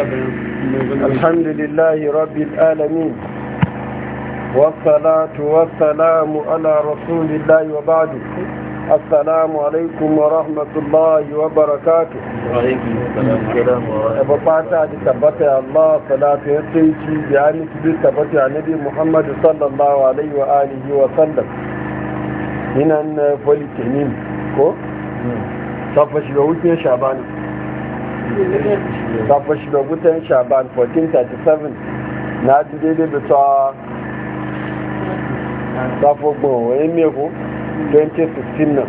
الحمد لله رب العالمين والصلاة والسلام على رسول الله وبعد السلام عليكم ورحمة الله وبركاته وعليكم السلام ورحمة الله صلاة يسيكي بأن تبتع نبي محمد صلى الله عليه وآله وسلم هنا فولي تنين كو نعم. صفش بوتي شعباني ta fashi da gutan shaban 1437 na ji daidai da ta safo wani meko 2016 nan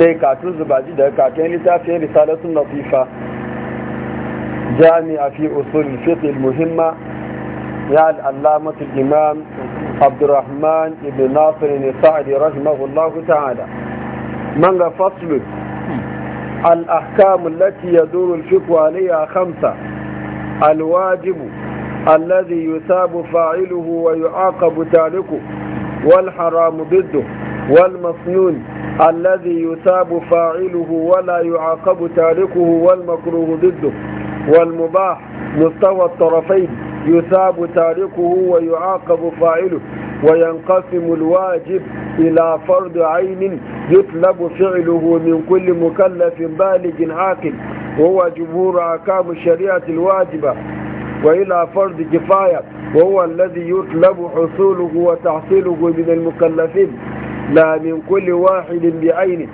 ne katun zubaji daga katun littafin risalatun na fifa jami'a fi usul fitil muhimma ya al'allama imam abdurrahman ibn nasir ne sa'adi rahimahullahu ta'ala man ga faslun الأحكام التي يدور الفقه عليها خمسة الواجب الذي يثاب فاعله ويعاقب تاركه والحرام ضده والمصنون الذي يثاب فاعله ولا يعاقب تاركه والمكروه ضده والمباح مستوى الطرفين يثاب تاركه ويعاقب فاعله وينقسم الواجب إلى فرض عين يطلب فعله من كل مكلف بالغ عاقل وهو جمهور أحكام الشريعة الواجبة وإلى فرض كفاية وهو الذي يطلب حصوله وتحصيله من المكلفين لا من كل واحد بعينه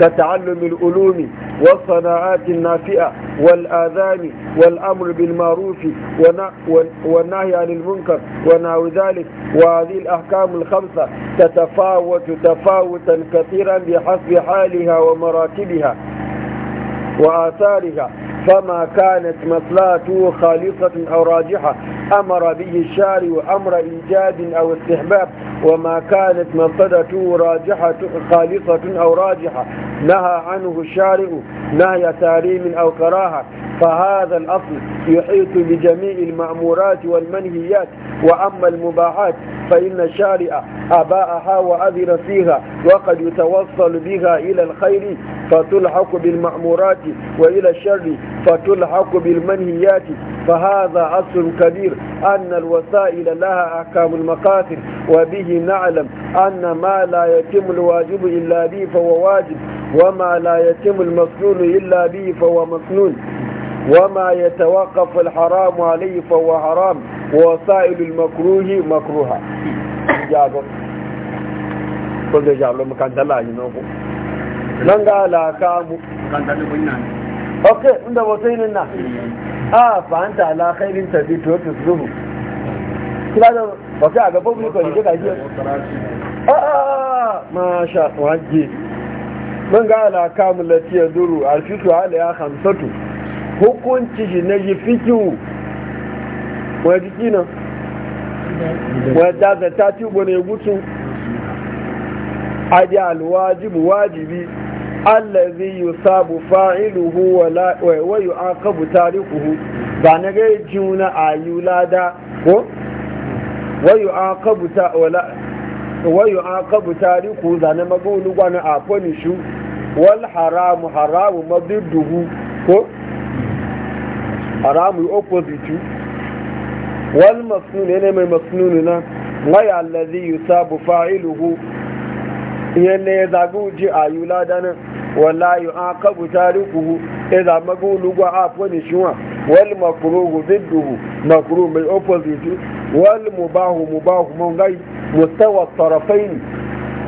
كتعلم العلوم والصناعات النافئة والآذان والأمر بالمعروف والنهي عن المنكر ونحو ذلك وهذه الأحكام الخمسة تتفاوت تفاوتا كثيرا بحسب حالها ومراتبها وآثارها فما كانت مصلحته خالصة أو راجحة أمر به الشارع أمر إيجاد أو استحباب وما كانت منطدته راجحة خالصة أو راجحة نهى عنه الشارع نهي تاريم أو كراهة فهذا الأصل يحيط بجميع المأمورات والمنهيات وأما المباحات فإن الشارع أباءها وأذن فيها وقد يتوصل بها إلى الخير فتلحق بالمأمورات وإلى الشر فتلحق بالمنهيات فهذا أصل كبير أن الوسائل لها أحكام المقاصد وبه نعلم أن ما لا يتم الواجب إلا به فهو واجب وما لا يتم المسنون إلا به فهو مسنون وما يتوقف الحرام عليه فهو حرام ووسائل المكروه مكروهة جابر كل جابر مكان دلالي نوفو لنقال أحكامه اوكي عند وسائل الناس a ah, fahimta ala khairin tafi to ta zuhu kula da ba ka ga babu ko ne ka ji a ma sha waje mun ga ala kamu latiya duru alfitu ala ya hamsatu hukunci shi na ji fikiu wani jiki nan wani ta ci gwane gutu adi alwajibu wajibi allazi yusabu fa'iluhu wa yu'aqabu tarikuhu ba na ga juna ayulada ko wa yu'aqabu ta wala wa yu'aqabu tarikuhu zana magulu gwana a punishu wal haramu haramu madidduhu ko haramu opposite wal masnun ne mai masnununa wa allazi yusabu fa'iluhu yanne ya zagu ji a yi ladanin wallahi an kabu tarikuhu ya e zama gwa a fone shiwa wal makruhu didduhu makruhu mai opposite wal mubahu mubahu mun gai mustawa tarafain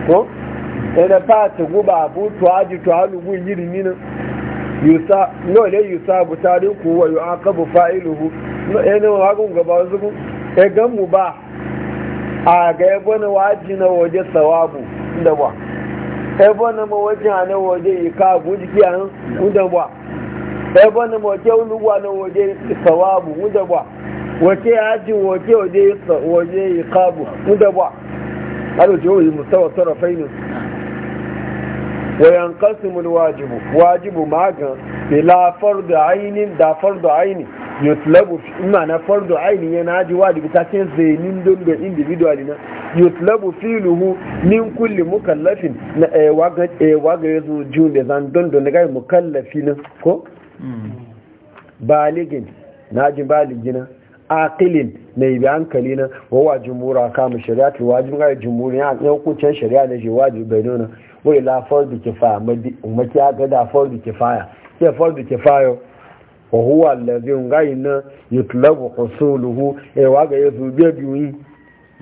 ko ina ta ta guba bu to aji to gu yiri na yusa no le yusa bu tarikuhu wa yu'aqabu fa'iluhu no ina wa gun gaba zugu e gan mu ba a ga yabo e na waji na waje sawabu da ba ebe na mawajin a na waje yi ka guji kiyan wuda ba ebe na mawaje uluwa na waje sawabu wuda ba wace hajji waje waje yi kabu wuda ba hada ce wani musawa sarrafai ne wayan kasimul wajibu wajibu magan ila fardu ainin da fardu ainin yutlabu ina na fardo aini yana ajiwa da ce zainin dondo individual na yutlabu filuhu min kulli mukallafin na ewa eh, eh, ga yazo jun da zan dondo na gai mukallafi na ko hmm. baligin na ji baligina akilin na yi hankali na wawa jimura kama shari'a ta wajen ga jimura ya hukuncin shari'a na shi wajibi bai nuna wai la fardu kifaya umaki ya ga da fardu kifaya ke fardu kifaya wahuwa lalazin gayi na yutulabu hasuluhu a yawa ga yanzu biyar biyu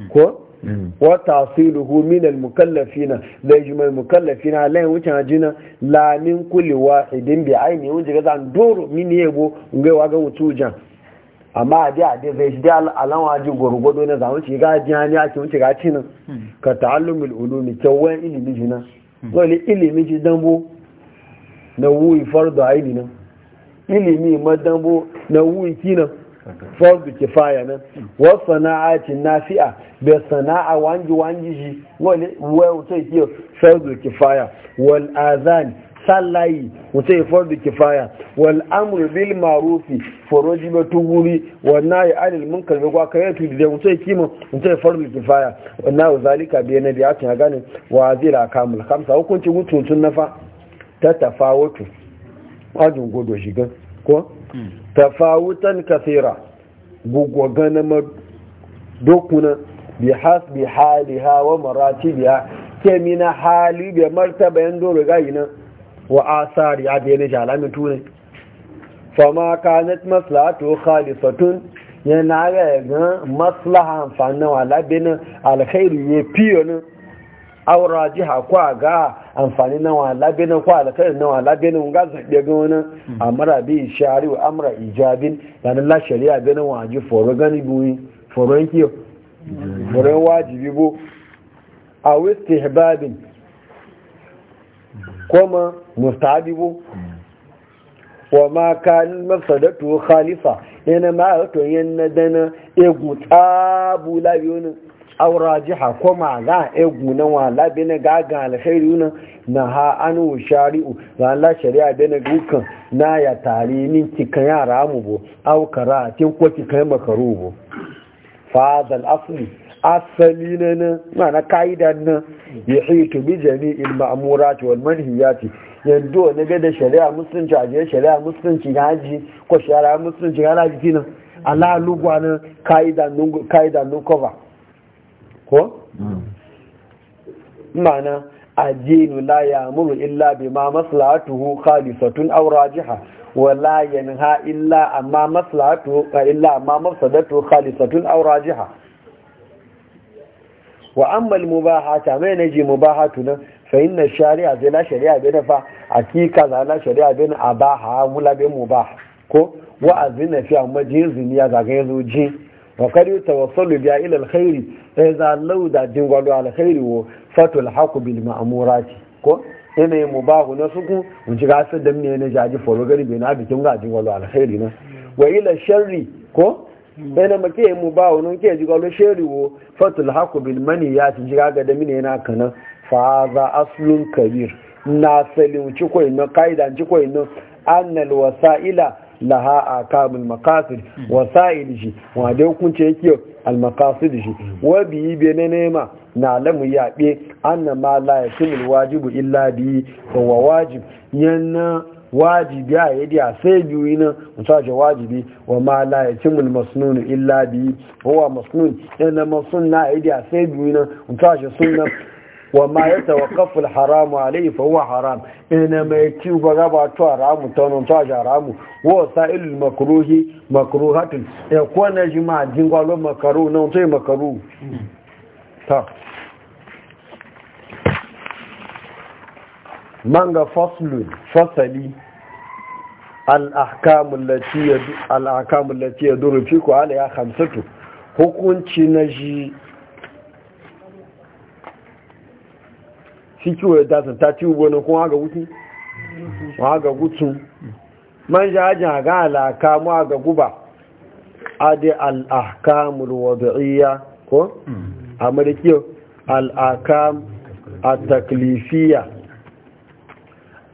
ko wata suluhu minal mukallafina da ya jimai mukallafina alayin wucin ajina lamin kulewa idan bi ai ne wunji gaza doro mini yabo ga yawa ga wutu jan amma a biya da zai shi da alawa ji na zama ci ga jiya ne ake wuce ga cinan ka ta'allumi ulumi kyawun ilimi jina wani ilimi jidan bu na wuyi fardo aini nan ilimi madambo na wuki nan fardu kifaya nan wa sana'ati nafi'a da sana'a wangi wangi shi wale wai wuce kiyo fardu kifaya wal azan sallayi wuce fardu kifaya wal amru bil ma'rufi foroji ba tuguri wa nayi anil munkar ga kwaka ya tudi da wuce kima wuce fardu kifaya na zalika bi nabi a tana ganin wa zira kamul kamsa hukunci mutuntun nafa ta tafawatu ajin shi gan ko hmm. tafawutan kasira gugu gana ma dokuna bi hasbi haliha wa ke mina hali bi martaba yan dole gayi nan wa asari ya bayyana jalamin tune fama kanat maslahatu khalisatun yana ga maslaha amfanin wa labin alkhairu ya fiye nan aura jiha kwa ga amfani nawa labin na kwa alkhairi na walabe ga zabe ga wani hmm. amara bi shari'u wa amra ijabin da la shari'a ganin na waji foro gani buyi foro yanki foro wajibi bu a istihbabin kuma mustahabi bu wa ma kan mafsadatu khalifa yana ma to yanna dana egu tabu labiyonin aura jiha ko ma la egu na wa labe bene gaga alkhairu na na ha anu shari'u la la shari'a bene gukan na ya tari ni kikan yara mu bo au kara tin ko kikan makaru bo fa zal asli asali ne na na kaida na yahitu bi jami'il ma'murati wal manhiyati yanzu ne ga da shari'a musulunci a je shari'a musulunci ga haji ko shari'a musulunci ga laji kina ala lugwa na kaida nun kaida ko mm. ma'ana ajinu la ya'muru illa ma maslahatuhu khalisatun aw rajiha wa la yanha illa amma maslahatu illa amma mafsadatu khalisatun aw rajiha wa amma al-mubahata mai naji mubahatu na fa inna shari'a zai la shari'a bai dafa hakika za la shari'a bai abaha mula bai mubah ko wa azina fi amma jin zuniya zaga yazo jin وقد يتوصل بها إلى الخير إذا لو دا جنغلو على الخير فتلحق بالمأمورات كو ina yin mu bahu na suku in ci gasar da mene na jaji foro gari bai na bikin gajin walo alkhairi na wa ila sharri ko ina make yin mu bahu nun ke ji galo sharri wo fatul haku bil mani ya ci jiga ga da mene yana kana fa za kabir na salin ci ko ina kaida laha akamul maqasid wasa'il hmm. shi wa da hukunce yake al maqasid shi wabi yi bene nema na lamu an na ma la sumul wajibu illa bi wa wajib yana wajibi a yadi a sai biyu nan mutaje wajibi wa ma la yakul masnun illa bi huwa masnun yana masunna yadi a sai biyu nan mutaje sunna wa ma ya tawakkafu haramu a laifin wa haram ina mai ci ba gaba to haramu wani non to haramu wa sa'ilul makaruhi makruhatun ya ko na ma jin gwalo makaru na wuce makaru ta manga fasali al'akamun lati ya duru ahkamu allati yaduru fiku alayha hukunci na ji fíkíwò ẹ̀dá tàn tàbí ugbó ní kún agagútún wọ́n agagútún ma ń ṣe ajin àgá àlàkà mọ́ agagúbà adé al'akamulwọ̀dọ̀ríyá kó amurkí al'akam taklifiya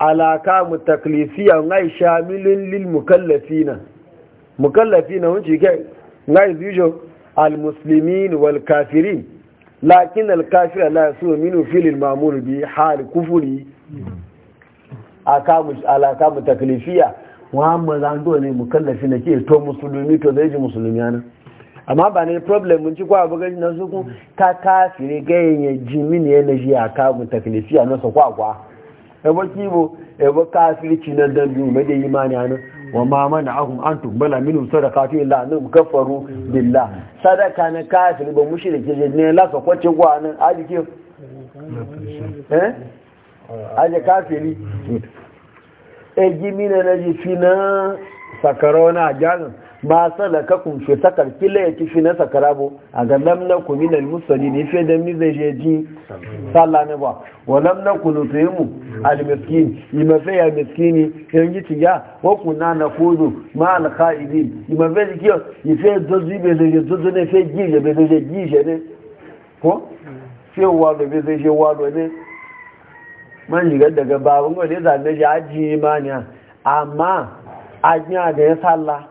al'akamu taklifiya ngai shamilin lil mukallafi na wunci kai ngai zujo al musulmi wal kafirin lakin alkafira la su minu filin mamuru bi har kufuri alaka mu taklifiya muhammad ne mu mukallafi na ke to musulmi to zai ji musulmi yana amma ba ne problem mun ci kwa bugaji na su ka kafire gayen ya ji mini yana ji aka mu taklifiya na su kwakwa ebo kibo ebo kafirci na dambi mai da imani hannun wa ma mana'ahum an tuqbala sadaka sadaqatu illa annahum kafaru billah sadaka na kafir ba mushrike ne la ka kwace gwanin ajike eh aje kafiri e jimina na jifina sakarona jalan ma salaka kun fi sakar kila ya kifi na sakarabo a ga lam na ku min al musali ne fi da mize je ji sallah ne ba wa lam na ku nutimu al miskin yi mafi ya miskini yan yi tiya wa kunna na kudu ma al yi mafi fe ki yi ife zozi be zai zozi ne fiye gije je be je ji ne ko fi wado do be je wa ne man yi daga babun wani ne zanne ji aji imani amma gina da ya sallah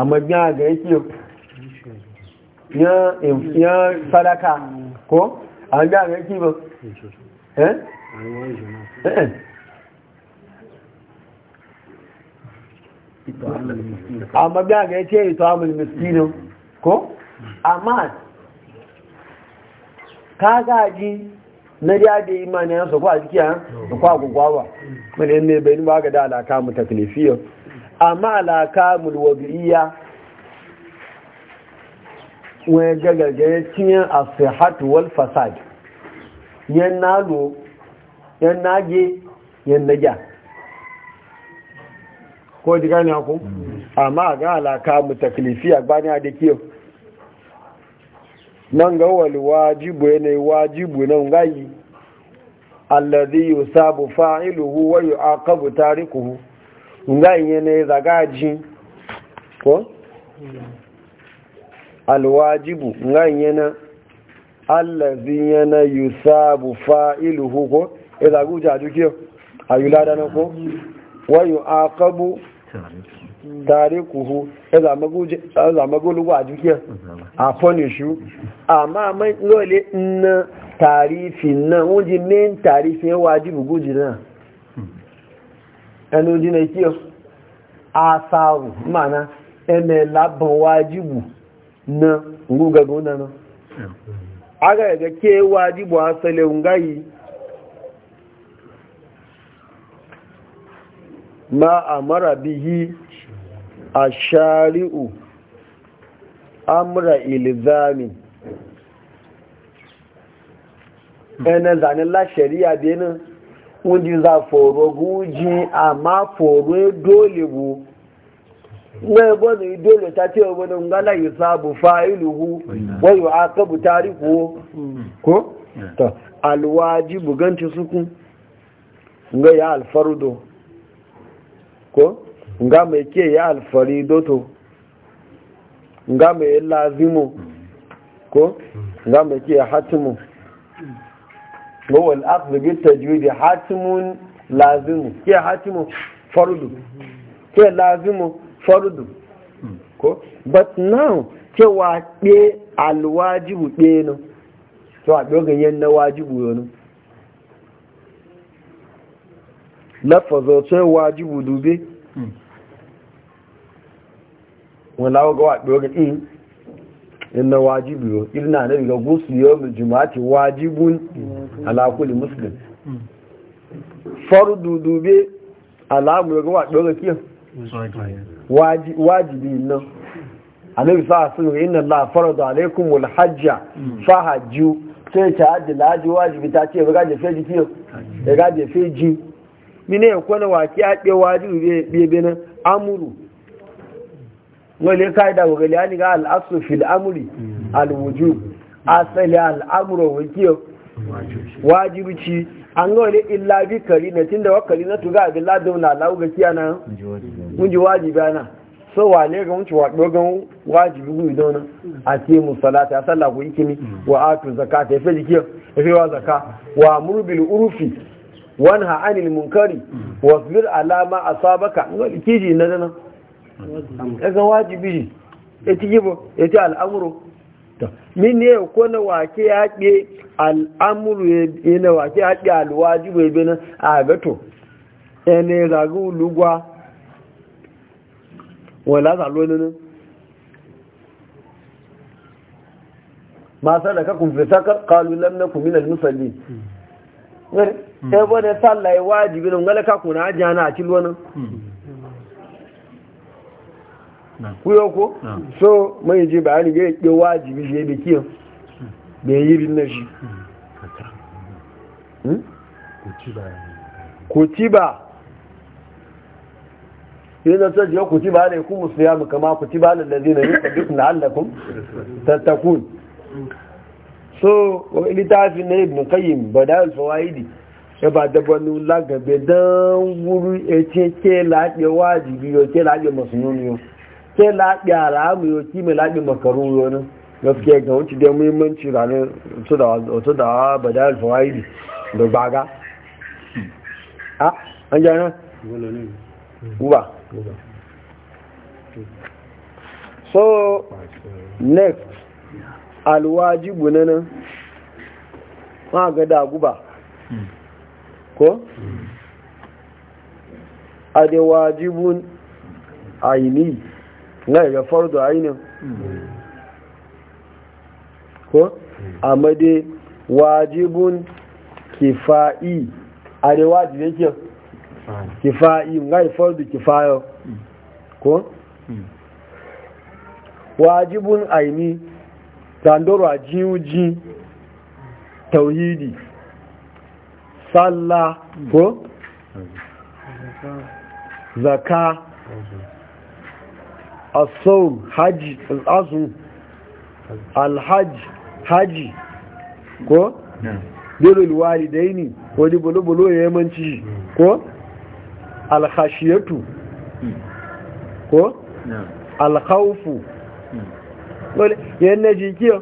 amma biya ga yake ya sadaka ko a biya ga yake ba eh eh amma biya ga yake ito amul miskino ko amma ka gaji na da da imanin yansu ko jikiya da kwa gugwawa mai ne bai ba ga da alaka mu taklifiyo amma alaka mulwadiyya wani gagargare a sahatu wal fasad yan nalo yan nage yan nage ko di gani haku mm. amma ga alaka mutaklifiya bani a da kiyo nan ga wal wajibu yana wajibu nan gayi alladhi yusabu fa'iluhu wa yu'aqabu tarikuhu nga yene zagaji ko alwajibu nga yene allazi yana yusabu fa'iluhu ko izaguja dukiyo ayulada na ko wa yu'aqabu tarikuhu iza magulu a dukiya a punishu amma mai lole nna tarifi na wujin main tarifin wajibu guji na ẹnu na kí ọ asáàrù mana ẹnẹ lábọn wájíbù na ngúgagun nánà aga ẹ̀gẹ́ kí é wájíbù ma a mara bí a amra ilizami ẹnẹ zanilá ṣẹ̀ríyà bí náà kundi za foro guji amma foro dole bu na yabo ne dole ta ce wani ngala yi sabu fa'iluhu wai yi akabu tariku ko ta alwaji buganci suku nga ya alfarudo ko nga me ke ya alfarido to nga me lazimu ko nga me ke hatimu وهو الأخذ بالتجويد حاتم لازم كي حاتم فرض كي لازم فرض ko but now cewa ɗe alwajibu ɗe no cewa ɗogon yan na wajibu yano lafazo sai wajibu dube ga wa inna wajibi yo irna da ga gusu yo mu juma'ati wajibun ala kulli muslim fardu dube ala mu ga wa dole kiyo wajibi nan annabi sa sun ga inna allaha farada alaikumul hajja fa hajju sai ta hajji laji wajibi ta ce ga je feji kiyo ga je feji mine ko na waki a be wajibi be be nan amuru wale kaida wa galiyani ga al'asu fil amri mm. alwujub asali al'amru wakiyo wajibici an ga wale illa bi karinatin da wakali na tuga abin ladon na lawu ga kiyana mun ji wajibi ana so wane ga wuce wa dogon wajibi gumi dona a ce mu salata sallah ku ikini mm. wa atu zakata ya fi jikiyo ya fi wa zaka wa murbil urufi wanha anil munkari mm. wasbir ala ma asabaka kiji na dana kaga wajibi ya ci gibo ya ci al'amuru min ne ko na wake ya ɗe al'amuru ya na wake ya ɗe alwajibu ya bina a gato ya ne zagi ulugwa wala zalo ne nan masu da kakun fita kalulan na kuminan musalli ya bane sallaye wajibi nan wala kakun na ajiyana a cilwanin kuyo ko so mai je ni gai yake wajibi shi da kiyo da yi na shi kutiba yana ta jiya ba ne ku musulmi kama kutiba ba da zina yin duk na allakun tattakun so littafi na ibn yi. badal fawaidi ya ba da wani lagabe don wuri ya ce ke lafiya wajibi yau ke lafiya masu yuniyo sai laɓi alamu yau kima laɓi makaru wani gaskiya ga wancan da muhimmanci ranar wato da ba da alfawaidi da baga a ah, an jana? uba so next alwajibu na nan ma ga da guba ko? Hmm. adewajibun aini na ga fardu ainihin ko a made wajibun kifa'i a da wajibin ke kifa'i ga fardu kifayo ko wajibun aini tandoro a jiwuji tauhidi sallah ko zaka الصوم حج الأصل الحج حج ko dole walidaini ko di bolo bolo yamanci ko alkhashiyatu ko alkhawfu dole yanne jikiyo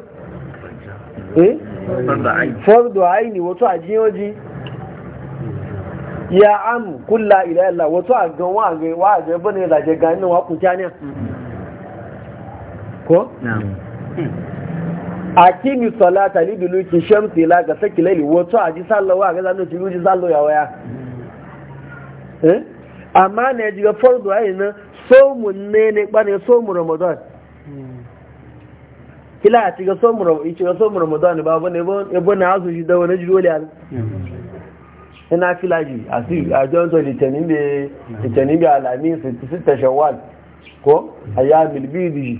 eh fardu aini wato ajiyoji ya am kullu ila illa wato agan wa ga wa ga bane da ko a kimi salata ni duluki shamsi la ga saki laili wato a ji sallawa ga zanu ci ruji sallo ya waya mm. eh? amma ne ji ga fardu ayi na somu ne ne bane somu ramadan mm. kila a ci ga somu ramadan ci ga somu ramadan ba bane ba e na azu shi da wani jirole al ina mm. e filaji a si a jonto litinin da litinin da alamin 6 shawwal ko ayyamil bidi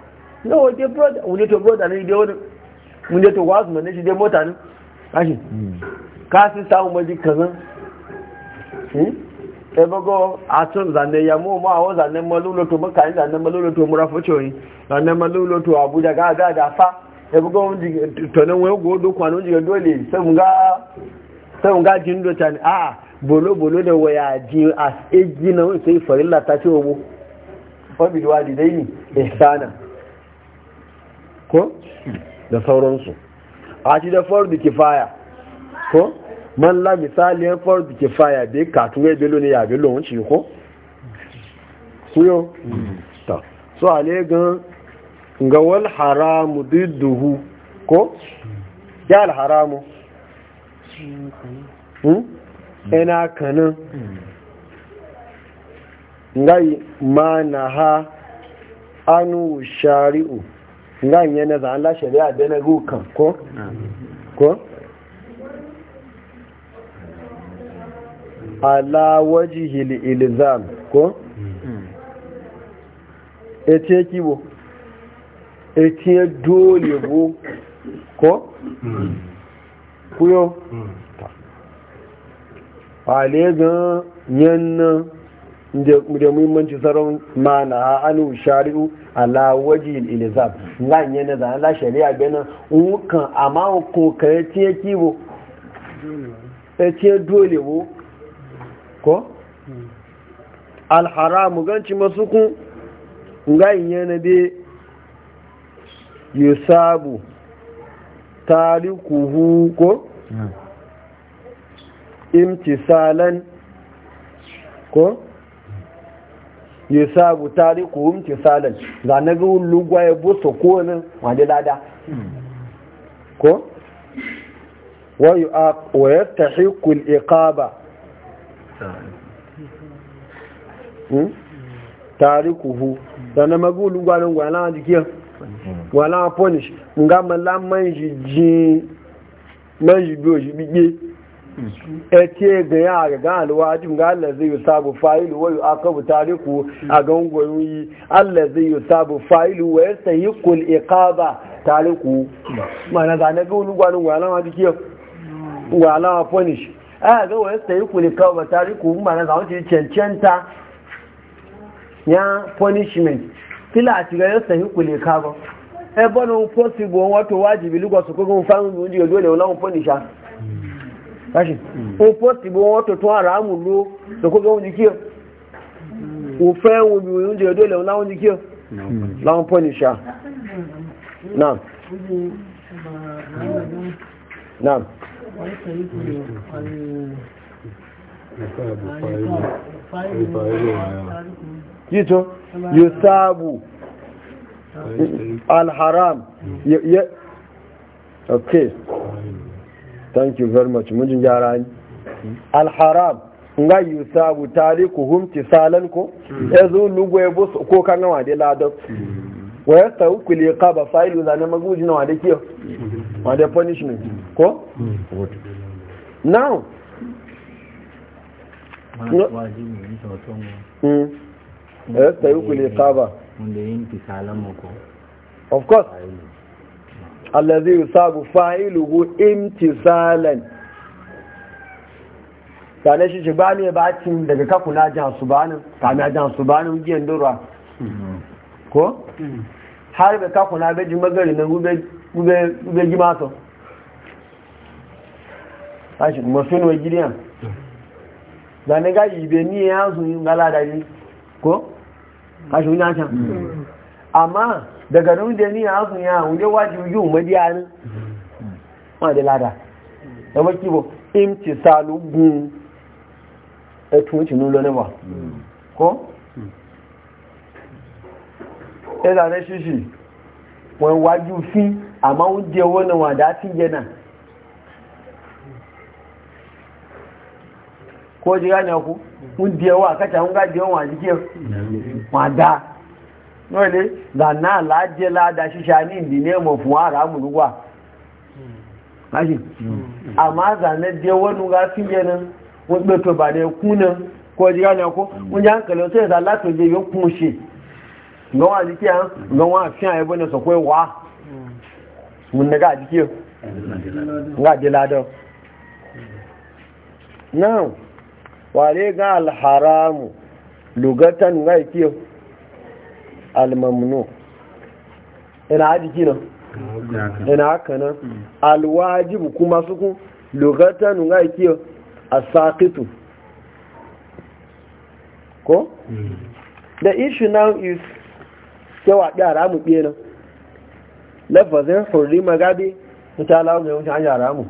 na waje broda wunde to broda ne dai wani wunde to wasu mana shi dai mota ne kashi ka sun samu maji kazan e a tun zane ya mu ma wa zane malulo maka abuja ga ga da fa e bago wunji to nan ndụ godo kwano wunji dole na ko da sauransu a ci da fardu kifaya ko man la misali yan fardu kifaya bai katun ya belo ne ya belo wuce ko kuyo ta so ale gan ga wal haramu duhu ko ya al haramu ina hmm? kanin ngai ma na ha anu shari'u nga nye na zan la shari'a da na rukan ko ko ala wajihi ilzam ko ete kibo ete dole bo ko kuyo ale ga yanna da muhimmanci tsaron mana anu shari'u ala waji ilizab nga nye ne zan la sharia bena nkan ama ko kare ki wo e tie dole wo ko al haram ganci masuku nga nye ne de yusabu tarikuhu ko hmm. imtisalan ko ya sabu tariku humti salan za na ga ya busa wani lada ko wa ya tahikul iqaba hmm? tarikuhu da na magu lugwa don gwala jikiyar gwala punish nga malaman jijin man jibiyo jibiye ce ga ya ga ga alwajin ga Allah zai yusabu fa'ilu wa yu'aqabu tariku a ga gwayoyi Allah zai yusabu fa'ilu wa yastahiqul iqaba tariku mana ga na ga wani gwanin gwanan ma dike gwanan ma punish a ga wa yastahiqul iqaba tariku mana ga wani cancanta ya punishment kila ti ga yastahiqul iqaba e bono possible wato wajibi lugwa su ko gun fa mun ji dole wala mun punisha kashi mm. o poti bo won to tun mu lo so ko go ni kiyo wo bi o je do le mm. won lawon ni kiyo lawon punisha na naam kito yusabu alharam okay thank you very much mujin gyara ni haram nga yusabu tarikuhum tisalan ko hmm. ezo lugwe bo ko kan hmm. wa de lado wa yastawku liqaba fa'ilu zana maguji na wa de kiyo hmm. wa de punishment ko now of course allazi yusabu fa'iluhu imtisalan tare shi shi ba ne ba cin daga kakuna jan su banin kamiya jan su banin giyan durwa ko? har da kakuna bejin magari na gube gima to gimato kuma sun wa gidiya da ne ga ibe ni ya su yi ngala da ni ko? ashe wani ashe amma daga nan da ni hasu ya wuje wajibi yi umariya ne ma da lada da maki bo imci ya e tunci nulo ne ba ko? ya e zane shishi wani waju amma wuje wani wada fi yana ko ji gane ku wuje wa kacha wunga wa wọ́n lè gbàná àlájẹ́ ládá ṣíṣà ní ìdílé mọ̀ fún ara múlùwà láti àmá àzànẹ́ dé wọ́nú ga sí yẹnu wọ́n gbé tó ní ẹkún náà kọ́ ọdí ní ọkọ́ wọ́n já ń tó ẹ̀dá látòjé yóò kún ṣe lọ́wọ́ àdíkí à àfihàn ẹbọ́ almamnu ina haji kina ina haka nan alwajibu kuma suku lokata nunga ikiyo a sakitu ko? the issue now is cewa yara mu ɓe nan lafazin hurri magabi ta lagun yawon hanyar ramu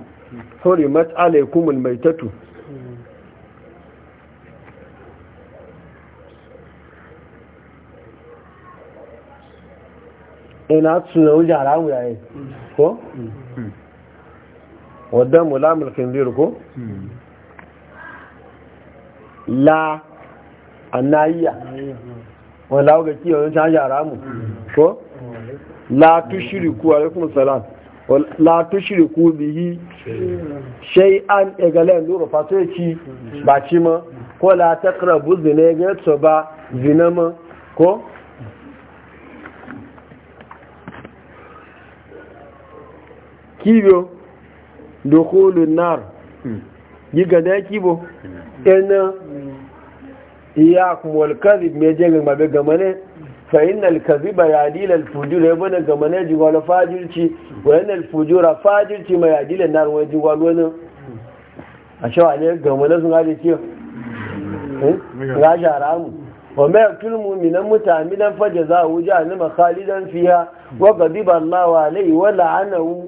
hurri matsalai kumul mai tattu. ina suna wuja haramu yayi ko? wadda mulamul khindir ko? la annayiya wanda ga kiyo yin canji haramu ko? la tushiriku alaikum salam la tushiriku bihi shay'an egalen duro fasoci ba ci ma ko la taqrabu zina ga ba zina ma ko kibyo dukulu nar hmm. giga da kibo ina hmm. iya kumwal kazi mai jenga mabe gama hmm. ne eh? fa ina alkazi ba ya dila alfujura ya bane gama ne jigwala fajirci wa ina alfujura fajirci ma ya dila nar wani jigwala wani a shawa ne gama ne sun hajji ciyo ga shara mu wa mai yaktul minan mutane dan faje za a wuja ni makhalidan fiya wa gadiba Allah wa alai wa la'anahu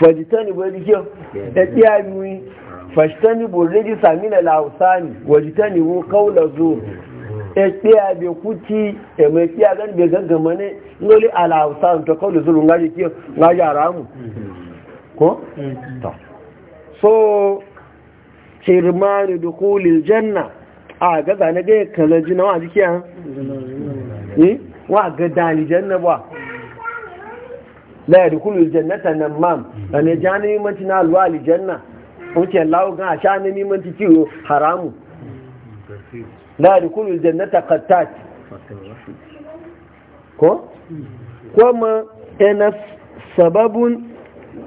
fajitani bu yadda kiyo da yi fajitani bu sami mina lausani wajitani bu kaula zuru ya tsiya bai kuti ya mai tsiya gani bai gaggama ne lori a lausani ta kaula zuru ngaji kiyo ngaji a ramu ko? so shirmanu da kulil janna a gaza na gaya kalajina na wa jikiya mm-hmm. wa ga dalijan na ba la yadkhulu aljannata namam ane jani manti na na alwa aljanna wuce lawo ga sha na ni manti kiwo haramu la yadkhulu aljannata qattat ko kuma ina sababun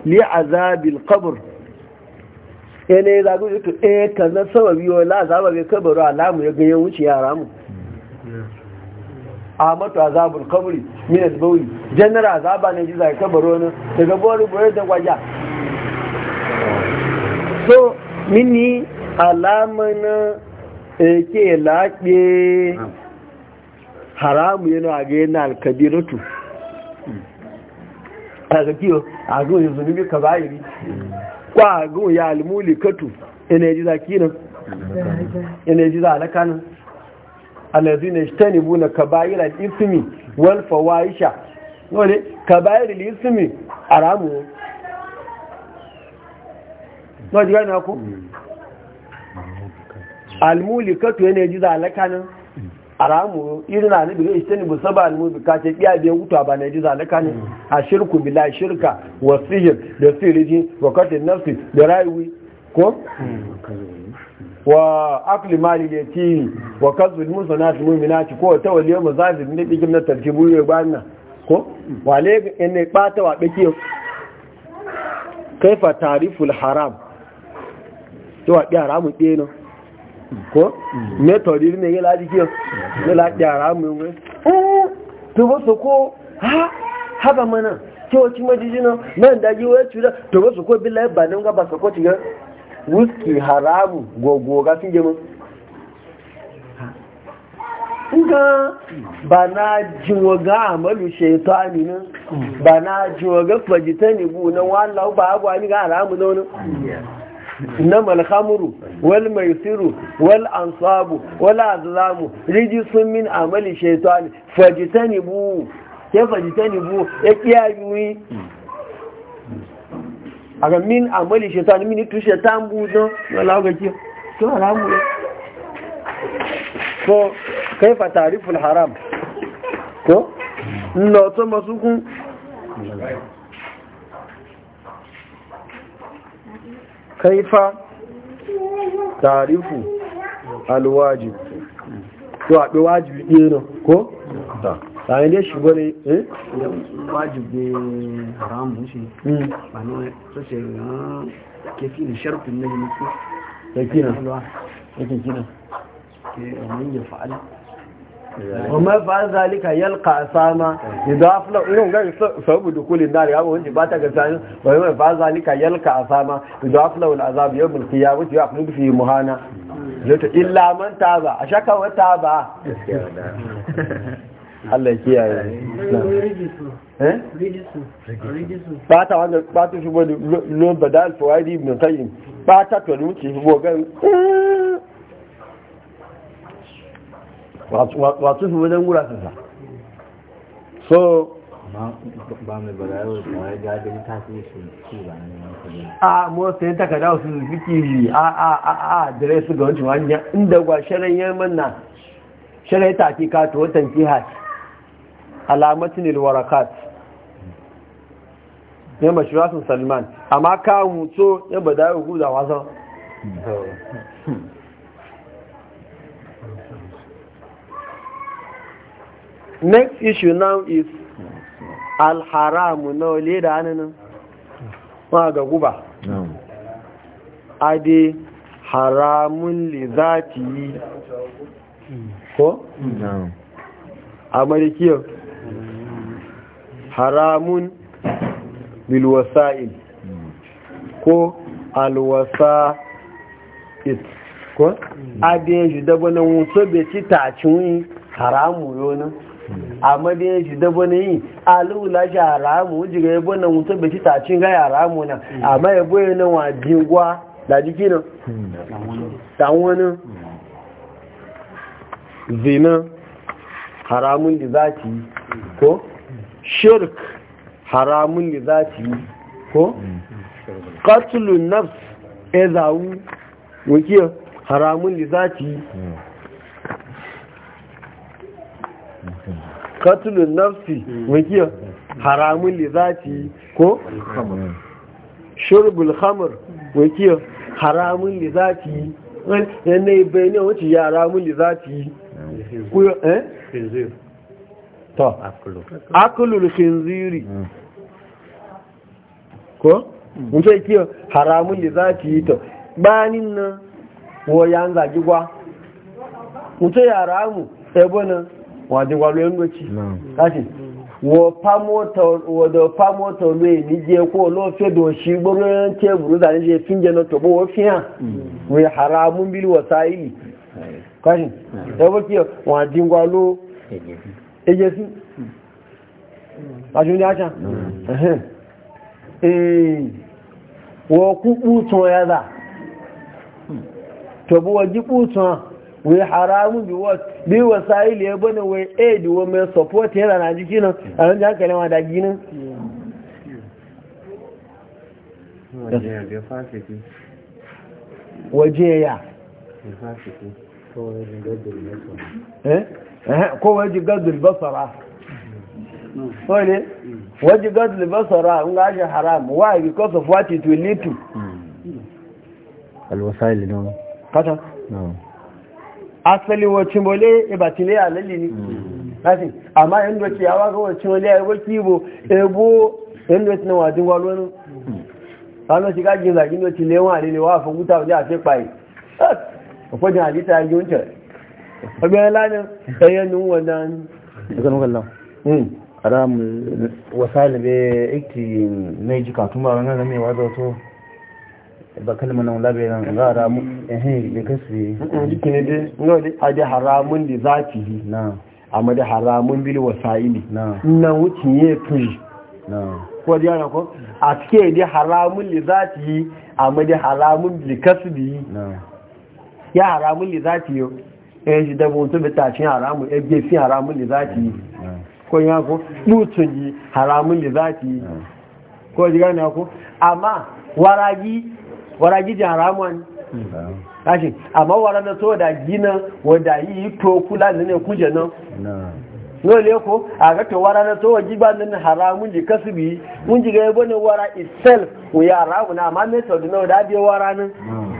li azabil qabr ene zagu to eh kaza sababi wala azababe kabaru alamu ya ga wuce ya haramu amatu azabul kabri min azbawi jannara azaba ne ji zai kabaro ne daga bori bori da gwaja so mini alaman eh, ke laƙe haramu yana a ga yana alkabiratu a ga kiyo a ga yanzu zunubi ka bayiri kwa a ga ya almulikatu yana ji za kinan yana ji za alakanan alazina yajtanibuna kaba'ira al-ithmi wal fawahisha wale kaba'ira al-ithmi aramu no ji gane ku al-mulikatu yana ji zalaka nan aramu irin annabi ga yajtanibu saba al-mulika ce biya biya wuta ba na ji zalaka ne ashirku bila shirka wa sihr da sirri wa qatil nafsi da rayuwi ko hmm. wa akli mali da ci wa kazu musa na su mumina ci ko ta waliyo mu zafi ne bikin na tarjibu buyo ba na ko wale ne bata wa bike kaifa tariful haram to wa ramu de no ko ne ri ne ya laji kiyo ne la ɗi ramu ne eh to ba su ko ha haba mana ko ci majijina nan da ji wa ya to ba su ko billahi ba ne ga ba su ko ga whisky haramu gogoga fi jimin nga ba na jiwa ga amalu shaitani nan ba na jiwa ga fajitani bu na wala ba a ni ga haramu na wani na malhamuru wal maisiru wal ansabu wal azlamu rijisun min Amalu shaitani fajitani bu ya fajitani bu ya kiyayi aga min amali shetani min tu shaitan bu don wala ga ki to haramu ne ko kaifa tariful haram ko no to masukun kaifa tarifu alwajib to abi wajibi ne ko tsayin dai shi gwani wajibin haramun shi ba na sashe ya kefi na yin su ya kina ya kina ke amin ya fa'ala amma fa'ar zalika yalka a sama idan afila irin gari sabu da kulin dare abu wani ba ta ga sani ba yi fa'ar a sama idan afila wani azabu yau mulki ya wuce ya fi fi muhana zai ta illa manta ba a shakawa ta ba Allah kiyaye eh? bata wanda bata shi wani lo badal fawaidi ibn qayyim bata to ni muke shi bogan eh. wato shi wajen gura sa so ba mai ga su ba ne a mo sai ta kada su zikiri a a a a dare su ga wancan inda gwa sharan yamman na sharai ta ka to watan a alamatin ilwarakat ya mashirasun salman amma kawo mutu ya ba da yau guda wasa. next issue now is alharamu na wale da hannunan ma ga guba Adi haramun li zati ko? amarikiyar haramun bilwasa'il ko alwasa'il ko hmm. adiyan shi dabanin na wuso bai ci tacin yi haramu yonan amma da yin shi daba yi alula shi haramu jiga yabo na wuso bai ci tacin ga haramu na hmm. amma yabo yana wa jingwa da jiki nan hmm. ɗan zina haramun da za ta yi ko shirk haramun da za ta yi ko katulun nafs e zawu wakiyar haramun da za ta yi katulun nafsi wakiyar haramun da za ta yi ko shirbul hamar wakiyar haramun da za ta yi yanayi bayanin wacce ya haramun da za ta yi kuyo eh to akulu ko mun ce kiyo haramun da za ki yi to banin ya an gwa mun ce haramu ebo nan wa di gwa lo yango ci kashi wo pamota wo do pamota lo ni je ko lo fe do shi gboro teburu ni je finje no we haramun bil wasaili kwari ẹwọ́ kí wọ́n àdíngwá ló ẹjẹ́ sí àjúndé àṣà wọ́n kú púùtùn ẹ̀dà tọ̀bú wọ́n jí púùtùn wọ́n haramu bí wọ́n bí wọ́n sáyílì ẹgbẹ́ ni wọ́n èdè wọ́n mẹ́ sọpọ́tì ẹ̀rà náà jí kínà àwọn jẹ́ àkẹlẹ̀ wọn àdájí náà wọ́n jẹ́ ẹ̀yà Eh? Eh, ko waje gadul basara wani waje gadul basara in gashi haram why because of what it will lead to alwasaili kata asali wacin ibatile alalli ne kasi amma inda ce yawa ga wacin bole e ya yi ebo inda ce na wajen gwalwani ranar shiga gizagin wacin lewa ne wa fa guta wajen a ce kpaye wajen hadita ya giyonta wannan zan hmm. wasali be ji katun ba wa ba kalmar nan labe nan ga haramu ehe da kasu hmm, jiki a da haramun da na amma da haramun bil wasaili na na wuce ya tuyi na ko da yana ko a cike da haramun li ta amma da haramun bil kasbi na ya haramun li zati yo eh ji da buntu bita cin haramun eh ge fi haramun li zati ko ya ko mutun ji haramun li zati eh. ko ji gane ko amma waragi waragi ji haramun eh. kashi amma warada to da gina wanda yi to kula ne kuje nan lole ko a ga to wara na to waji ba nan haramun ji kasbi mun ji ga yabo ne wara itself ko ya rawu na amma me to da wada bi wara nan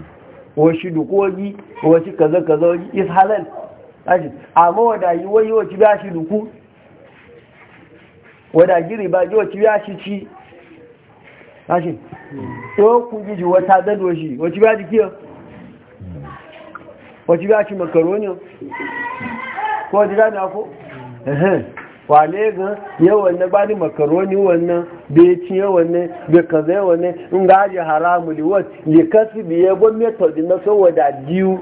washi dukogi washi kaza kaza is halal aji amma wada yi wai wacce ba shi duku wada giri ba ji wacce ba shi ci aji ko ku wata dalo shi wacce ba ji kiyo wacce ba shi makaroni ko ji da na ko Wane ga yawan na bani makaroni wannan bai ciye wanne bai kaza ya wanne in ga aji haramu liwat ya kasu biye gwan method na saboda diyu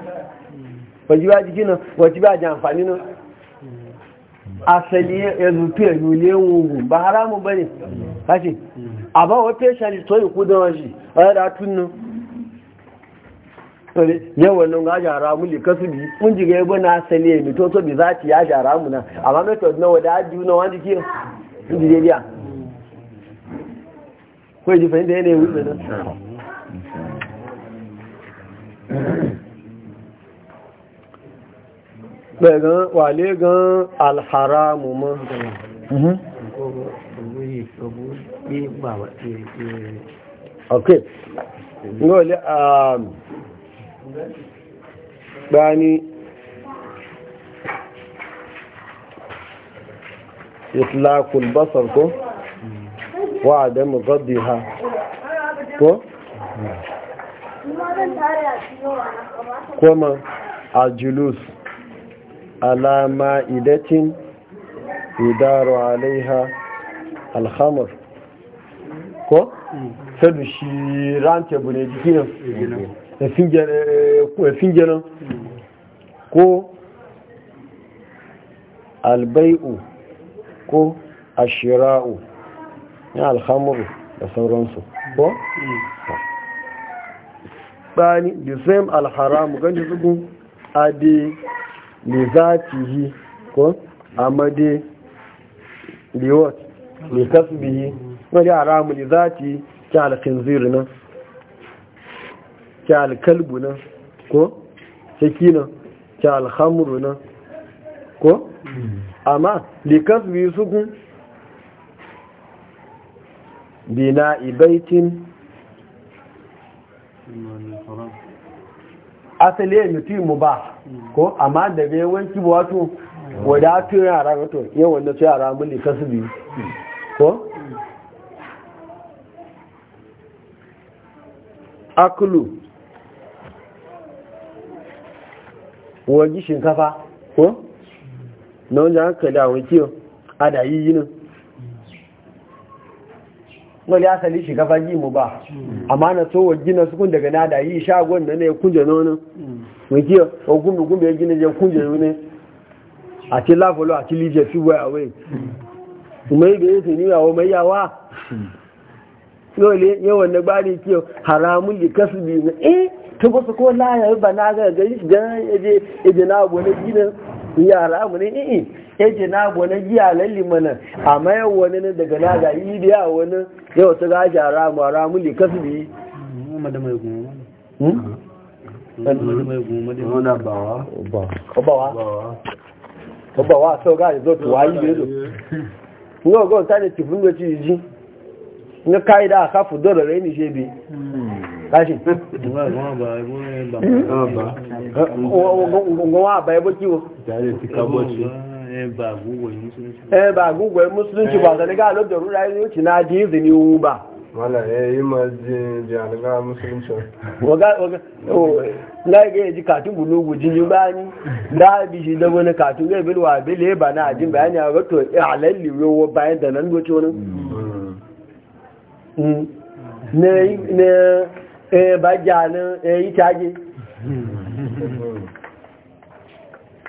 waji ba jiki na waji ba ji amfani asali ya zutu ya yule wugu ba haramu ba ne kashi a ba ya shari to yi kudin washi a yada tun nan yau wani ga aji haramu da kasu bi kun jiga yabo na asali ya mito so bi za ci ya jara haramu na amma method na wada ajiyu na wani ke ko ji fahimta yanayi wuce gan wale gan alharamu ma. gana mhm. ok ngole a um, bani itlaqul basar ko wa adamu ha ko kuma ajulus alama idatin idaru alaiha alhamar ko sadu shi ranta bune jikinan finginan eh, ko albai'u ko ashira'u na alhamuru da sauransu ko? bani da zai alharamu ganci suku a ci yi ko amma da liwat likasbihi wani haramu lizatihi ki ziri nan ki alkalbu nan ko? shaki nan ki alhamuru nan ko? amma biyu sukun bina ibaitin asali ya mutu mu ba ko amma da bai wanki ba wato wadda ta yi yara wato yau wanda su yara mulli kasu biyu ko akulu wani shinkafa ko na wajen hankali a wanki kiyo a da yi yinin wani asali shiga fagi mu ba amma na so wa gina su kun daga nada yi shagon da ne kunje nonin mai kiyo o gumbe-gumbe ya gina jan kunje ne a ti lafolo a ti lije fi wa yi mai da su ni wa mai yawa dole yawan da gbari kiyo haramun kasu bi na eh ta ko ko la ya ba na ga gari da je abu na gina yi haramun ne eh, eh. yake na wani giya lalli mana a mayar wani ne daga na ga yi da wani yau ta gashi a ramu a ramu kasu sau zo tuwa yi bezo da tifin da ji nga kai da aka fudo rai ni eh ba musulunci ba zane ga lo daru rayu ci na ji zini wu ba wala eh yi ma ji ji an ga musulunci waga waga o na ga ji katun bulugu jini ba ni da bi shi da ebe katun ga bilwa na bayani a ga to alalli bayan da nan goce wani ne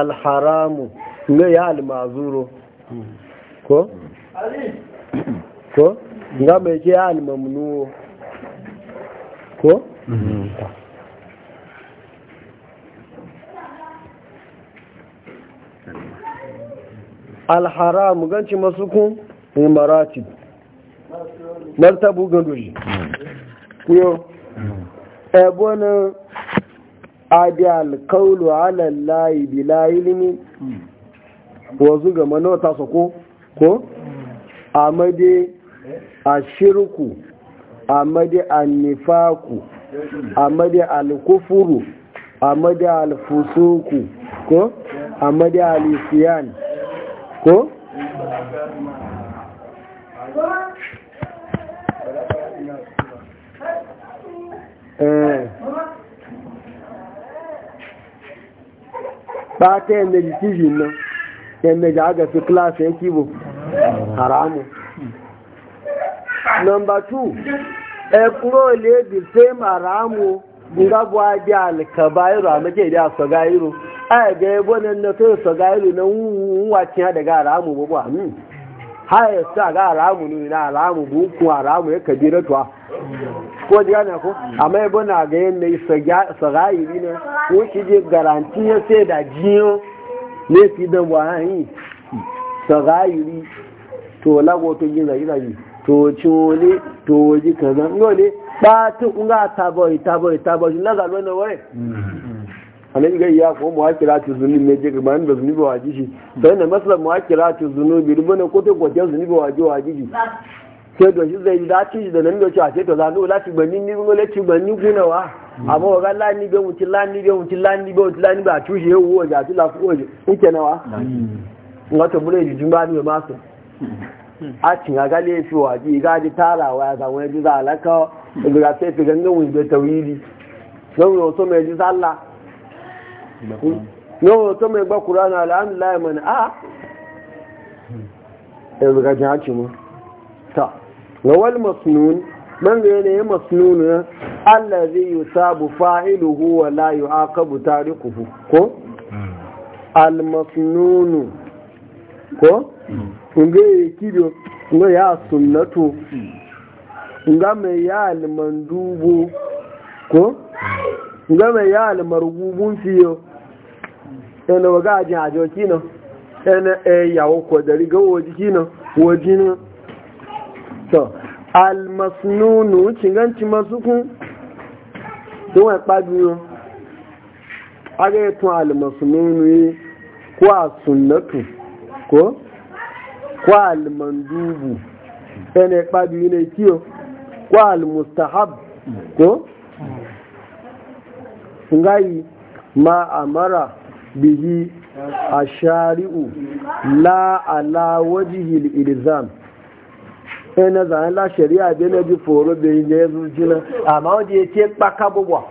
alharamu nga ya almazuro ko ko nga mai ke ya almamnuwo ko alharamu ganci masukun maratib martabu gandoji ko ebe na adi alkaulu ala layi bila ilimi wazu ga manota su ko ko amade ashirku amade annifaku amade alkufuru amade alfusuku ko amade alisiyan ko eh ba ta yin meji tijin nan yin meji aga su klasa ya kibo haramu number two ekuro le di same haramu nga bu aji alkabairo a mace da sogairo a ga ebo nan na to sogairo na wuwa ciya daga haramu gbogbo amin hmm. ha yasa aga aramu alamu na aramu bu ku alamu ya kabira tuwa ko ji gane ku amma yabo na ga yin ne sagayiri ne ko shi je garanti ya sai da jiyo ne fi da wani sagayiri to lago to yin zagi zagi to ciwole to waji kaza ngole ba ta kunga tabo tabo tabo shi na zalwa na wai mm. annabi ga iya ko muwakilatu zunubi ne je bayan da zunubi waji shi sai na masala muwakilatu zunubi rubuna ko to ko zunubi waji waji shi sai da shi zai da da nan da ci a sai to zanu lati gbani ni ngo lati gbani gunawa amma ga lani be mutin lani be mutin lani be mutin lani ba tushe yau wa ga tula ko je kuke nawa ngato bure ji jumba ni ma so a cin ga le fi waji ga ji tarawa ga wani ji za alaka ga sai fi gangan wani be tawili sau yau so mai ji sallah yau to mai ba kurana alhamdulillah mana a yanzu ga jin haki mu ta wal masnun man ga yanayi masnun allazi yusabu fa'iluhu wa la yu'aqabu tarikuhu ko al masnun ko kunga kido kunga ya sunnatu kunga mai ya al mandubu ko kunga mai ya al marbubun fiyo ẹnà ọgá àjìn àjọ kí náà ẹnà ẹ̀yàwó kọ̀dẹ̀rí gọ́wọ́ ojú kí náà wọ́jú náà tọ́ almasnunu ṣìgáǹtì masukun tí wọ́n ẹ̀pá dúró agẹ́tún almasnunu yìí kó àsùnnàtù kó kó almandubu ẹnà ẹ̀pá kí o kó almustahab mm. ngayi ma amara bihi a shari'u la'ala wajihil ilzam na zanen la shari'a bai na foro bai ya zuci nan amma wajen ya ce kpaka bugwa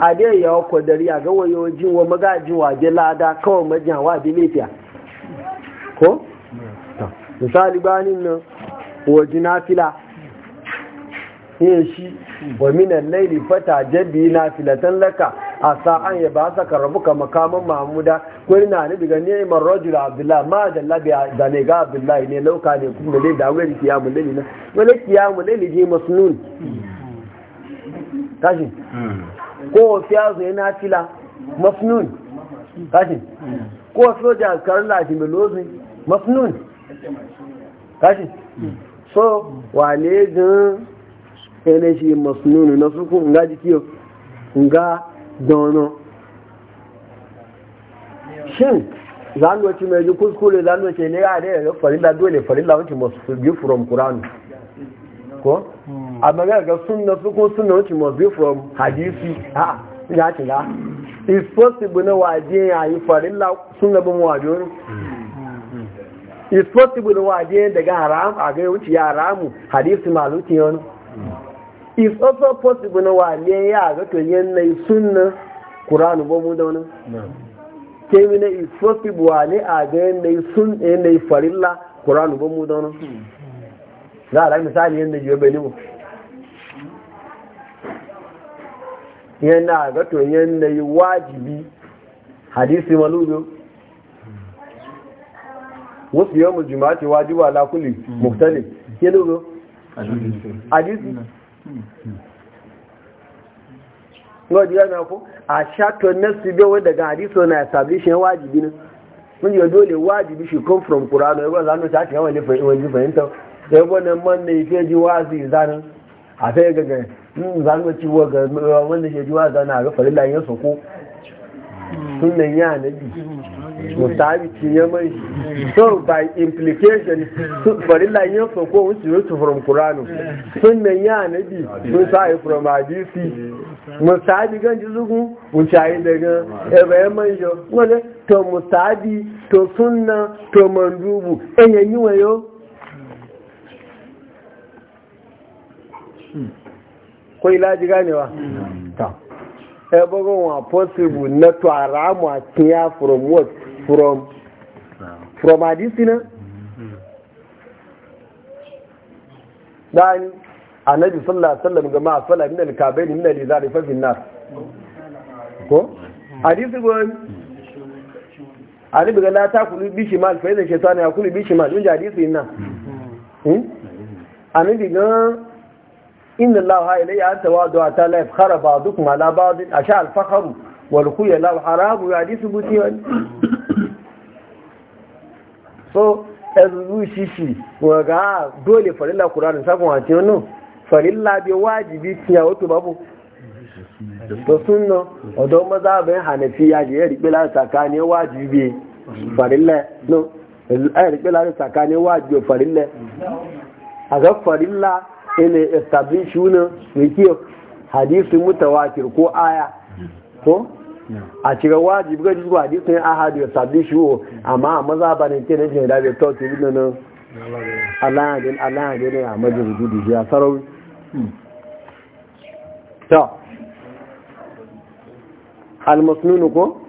a dai ya wako dari a gawa yawajin wa magaji waje lada kawai majiya wa bi lafiya ko? misali banin na waje na fila shi wa minan laili fata jabi na filatan laka a sa'an ya ba sa ka rabu ka makaman mahmuda ko na ni daga neman rajul abdullah ma da labi da ne ga abdullahi ne lauka ne kuma ne da wani kiyamu laili na wani kiyamu laili je masnun kashi ko fiyazu yana fila masnun kashi ko soja karin lafi melozi masnun kashi so wane gan ene shi masnun na suku nga jikiyo nga dono shin zanwaci mai ji kuskure zanwaci ne ya da yaga farilla dole farila wuce masu bi from Quran ko hmm. a magana ga sunna su ko sunna wuce masu bi from hadisi ha ya ce ga is possible na waje ya yi farilla sunna bin waje ne hmm. is possible na waje daga haram a ga wuce ya haramu hadisi maluki yana is also possible na wale ya ga to yanayi sunna qur'anu ba mu da wani ke yi na is possible wale a ga yanayi sun yanayi farilla qur'anu ba mu da wani za a misali yanayi yobe ne mu yana ga to yanayi wajibi hadisi malubiyo wasu yawon jima'a ce wajibu ala kulli muktali ke lubiyo hadisi Lord ya na ko a shato nasu bewa daga hadiso na establish yan wajibi ne mun yi dole wajibi shi come from Qur'an ya gwaza no tashi yawan lifin wani fahimta ya gwana man ne ke ji wazi zanin a sai ga ga mun zanu ciwo ga wanda ke ji wazi na ga farilla yin su ko sunan ya nabi musabici ya mai so by implication bari la yin so ko wuce yusu from qur'anu sunan ya nabi sun sa yi from hadisi musabi gan ji zugu wuce ayi daga ebe ya mai yo wale to musabi to sunna to mandubu enyen yi wayo ko ilaji ganewa ta everyone were possible not to aramu atiya from what from from hadisina dan annabi sallallahu alaihi wasallam ga ma sala min al-kabayn min al-izari fa fin nar ko hadisi gon hadisi ga la ta kulu bi shimal fa idan shaytan ya kulu bi shimal dun hadisi nan hmm? annabi ga inna allaha ilayya anta wadu ta la yakhara ba'dukum ala ba'd asha al fakhru wal khuyla law haram ya hadisu buti wani so ezu shishi waga dole farilla qur'anin sakon wace no farilla bi wajibi tiya wato babu to sunna odo mazhabin hanafiya je ribe la sakane wajibi farilla no ai ribe la sakane wajibi farilla aga farilla ina establish wuna mai kiyo hadisi mutawatir ko aya ko a cika wajibi ga jisuwa hadisi ne ahadu ya establish wo amma a maza ba ne kenan jin da bai tauce wuna nan alayyadin alayyadin ne a majin rubutu ya sarau ta almasnunu ko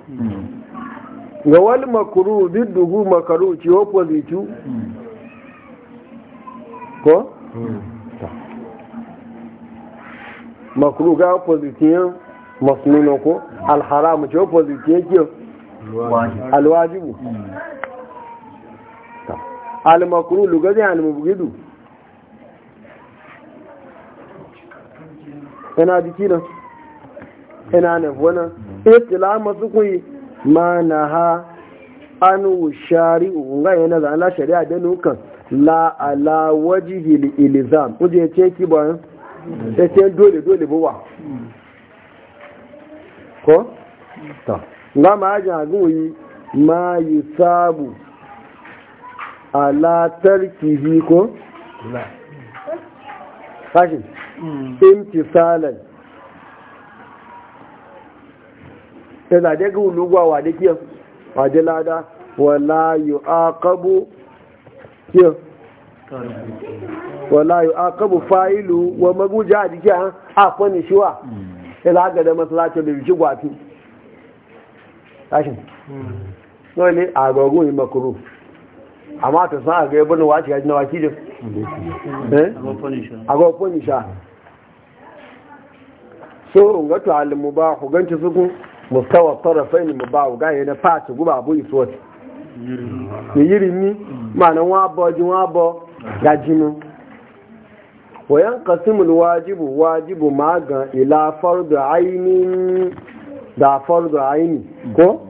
ga wani makuru biddugu makaru ci opposite ko makuru ga oppositiyan masnuna ko alharamu ce oppositiyan ke alwajibu almakuru lugazin almubugidu yana jiki nan yana Ina nan itila masu kuyi ma na ha an wushari unga yana la shari'a da nukan la ala wajihi ilizam kuje ce ki bayan sai sai dole dole buwa ko ta nga ma aja gunyi ma yusabu ala tarkihi ko la kashi imtisalan sai da daga ulugwa wa da lada wala yu'aqabu kiyo wala akabu fa'ilu wa maguja a jiki a kwani shiwa ila ga da masalacin da bishi gwatu tashin wani agogo yi makuru amma ta sa ga yabon wace ya ji na waki jin eh? agogo kwani sha so ngatu alimu ba ku ganci suku mustawa tarafa ni mubawu ga yana fata guba abu iswat yiri ni ma na wa bo ji wa bo ga jinin wayan kasimul wajibu wajibu ma ga, ila fardu ainin da fardu aini ko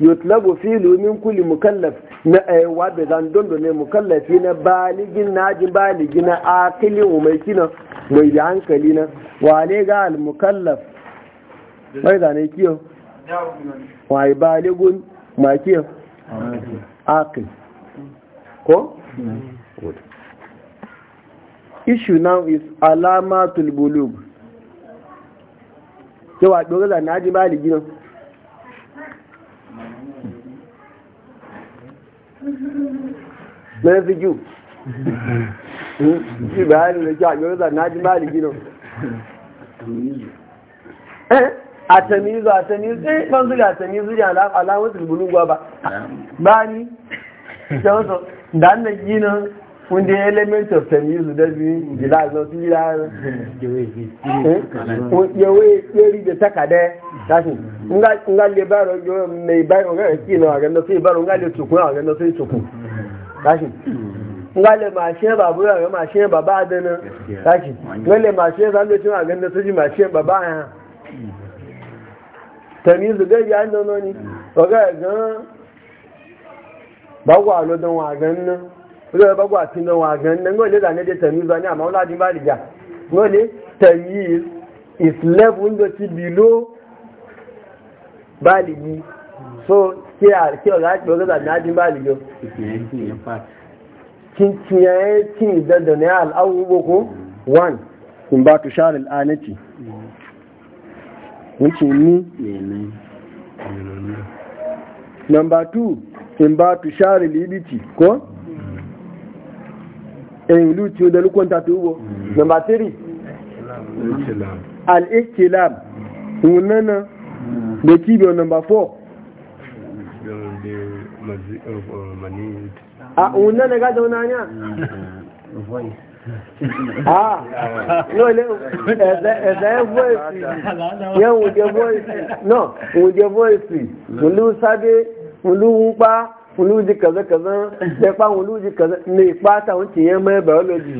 yutlabu filu min kuli mukallaf na aiwa eh, da zan dondo ne mukallafi na baligin najin baligi na akili umaiki na mai da hankali na wale ga al mukallaf mai da ne kiyo wai baligun ma kiyo akili ko? Hmm. good issue now is alamatul bulug yawa ɗora da na ji baligi nan na fi ju ji hmm? bayani da a ɗora da na ji eh? baligi eh? nan a tamizu a tamizu eh ban zuga tamizu da alama bulug ba ba ni kyau da na gina wanda ya element of tamizu da biyu gila na su da nga le yo ga ki na ga sai nga le ga sai nga le ga da na nga le zan ga sai ya tamizu ni ga ga bagwa lo don wa gannan lo bagwa tin don wa gannan ngole da ne de tamiz ba ni amma wala din ba diga ngole tamiz is level do ti below baligi so ki a ki o ga o ga na din baligo kin kiyaye kin da da ne al awugo ko one kun ba tu shar al anati wuce ni ne ne number two in ba tu share libiti ko in luci da lukunta tubo number three al-ikhtilam wunana da kibiyo number four a wunana ga zaunanya Ah, no, ẹ̀sẹ̀ voice yẹn wò jẹ voice no wò jẹ voice wòlú sáde wòlú wúpa wòlú di kẹ̀zẹ́kẹ̀zẹ́ tẹ́pá wòlú di kẹ̀zẹ́ ní ipá táwọn ti yẹn mẹ́ biology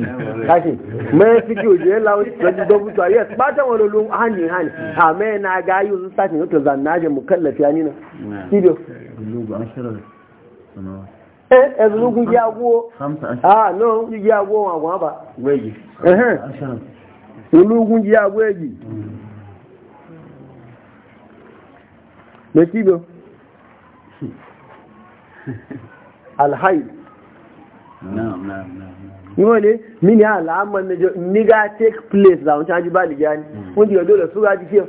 káṣí mẹ́ fíjì òjò yẹn láwọn lọ́jọ́ dọ́bùtù ayé ẹ̀sìpá táwọn lọ́lọ́ hàní hàní àmẹ́ ẹ̀ náà gáyé òun sátì ní tòzà náà jẹ mọ̀kẹ́lẹ̀ fi á nínú. ẹ̀rùn gúgí agbó ah no gúgí agbó wọn àwọn àbá ológun jí agbó ẹ̀yì mẹ́tíbọ̀ alhaì níwọ̀n lè mí ní àlàámọ̀ mẹjọ nígá take place láwọn ṣáájú bá lè já wọ́n ti ọdọ́ lọ sórí ajífẹ́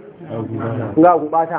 ọgbùn pátá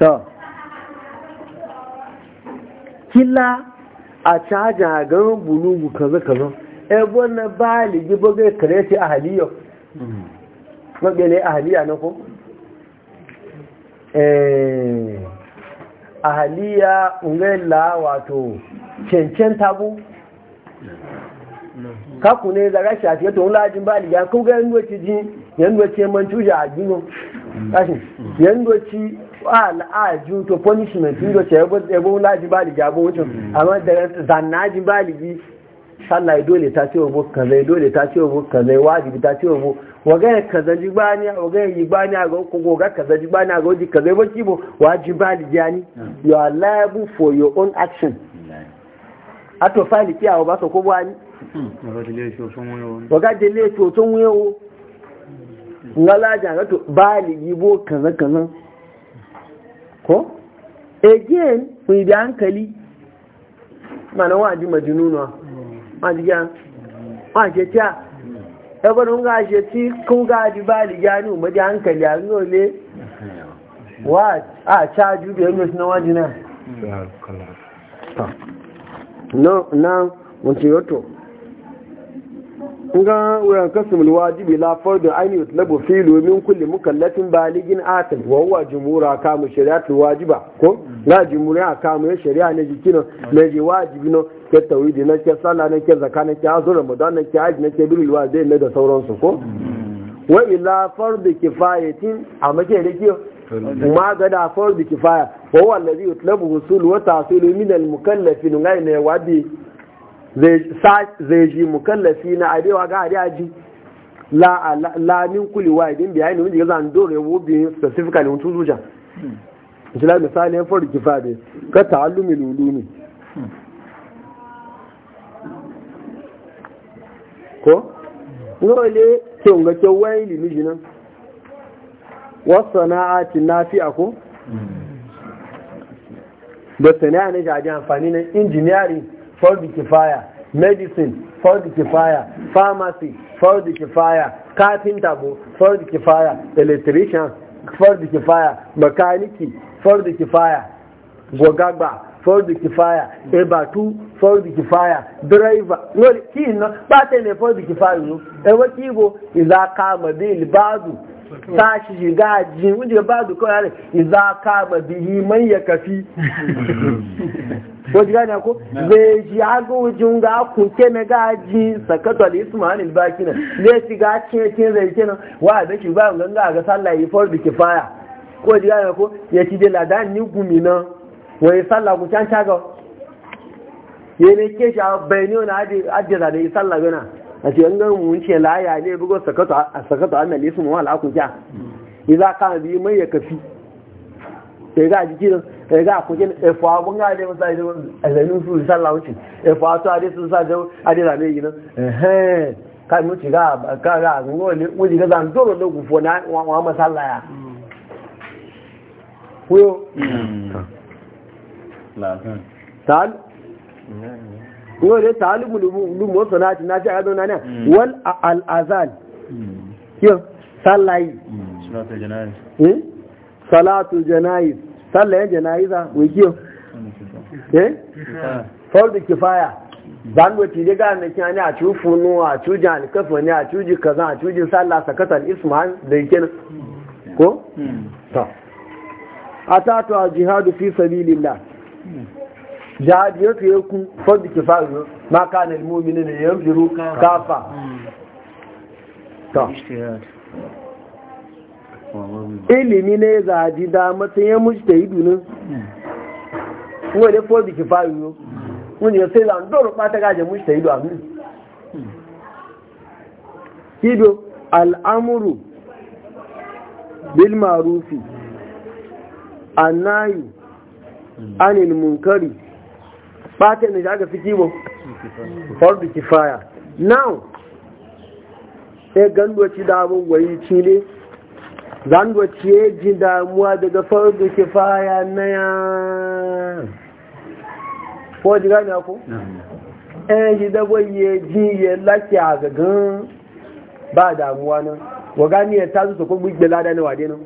ta kila a caja ganin bulugu kaza-kaza ebe na ba ligi bugai kare ce a haliyar maɓele a haliya na ko? E, a haliya wato cancan tabu kaku ne zaga shafi yato wula ajin ba liga kuga yanduwaci jin yanduwaci yammanci uja a gino ƙashin yanduwaci aju to punishment ndo ce yabo laji da zannaji baligi sallah dole ta ce wa kaza dole ta ce wa kaza wajibi ta ce wa waga kaza ji bani waga yi bani a ko goga a ji kaza hmm. for own action hmm. fali ba ko bani hmm. dele to sun wuyo ngala janga to bo kaza kaza ko again mu bi hankali mana wa ji majnunwa ma ji ga ma je ta e ko nga je ti ku ga ji ba li ga nu ji hankali a no le wa a cha ju bi mu sna na no na mun ci yoto nga wa kasmul wajibi la fardu aini yutlabu fi lumin kulli mukallafin baligin atal wa huwa jumura kamu shari'atul wajiba ko na jumhura kamu shari'a ne jikin ne ji wajibi no ke tawhidi na ke sallah na ke zakka na ke azur ramadan na ke hajj na ke bil walidai ne da sauransu ko hmm. wa ila fardu kifayatin a make da kiyo ma ga da fardu kifaya wa huwa allazi yutlabu husul wa tahsil min al mukallafin ngai ne wajibi zai ji mukallafi na arewa ga aji. lamin kuliwa idin biya ne wajen zan dole ya wobe specifically mutu zuja hmm. jila misali ya faru kifa da ka ta'allumi lulumi hmm. ko? ne ke unga ke wayan limiji nan wasu sana'atin na fi ako? Hmm. da sana'a na ga amfani na injiniyari fardu kifaya medicine fardu kifaya pharmacy fardu kifaya kafinta bu fardu kifaya electrician fardu kifaya makaniki fardu kifaya gogagba fardu kifaya ebatu fardu kifaya driver no kin ba ta ne fardu kifaya yau ewa kibo iza kama bil bazu tashi shiga ji wuje ba da kawai yare iza ka kama bihi man ya kafi wajen gane ko zai ji aga wajen ga kuke na gaji sakato da isu mahanin baki nan zai ga cikin zai nan wa da shi ba ganga ga sallah yi ke faya ko ji gane ko ya ci dela da ni gumi nan wai sallah ku can caga yana ke shi a bayani wani adira da yi sallah gana a ce yanzu mun ce laya ne bugo sakato a sakato an nale su mawala ku ja iza ka bi mai ya kafi sai ga jiki nan sai ga ku kin e eh, fa mun ga da masa da azanin su sallah wuce e fa to ade sun sa da ade da mai gidan eh kai mu ci ga ka ga ngo ne mu ji ga zan dole da ku fo na wa masalla ya kuyo hmm. la kan tal yau talibu lumu wasu na ci na ci a zauna mm. wal al'azal mm. yau salayi salatu za sallayen janayiza wikiyo eh fardu kifaya zangoci dai na kin ne a cufu no a cuji alkafa ne a cuji kaza a cuji sallah sakatan isman da yake ko mm. ta atatu jihadu fi sabilillah jihadi ya fiye ku fadu kifayu ma kana almu'minin ne yan firu kafa to ilimi ne zaji da mutun ya mujta idunin wale fadu kifayu wani ya sai zan doro ta gaje mujta idu amin ido al'amuru bil ma'rufi annayu anil munkari fatin da aka fi kiwo fardu kifaya now sai e gandoci da abin wai ci ne zandoci ya e ji damuwa daga fardu kifaya na ya ko ji gani ako? ɗan e ji dabo ya ji ya laki a gagan ba damuwa nan wa gani ya tazu su kuma gbela da na wade nan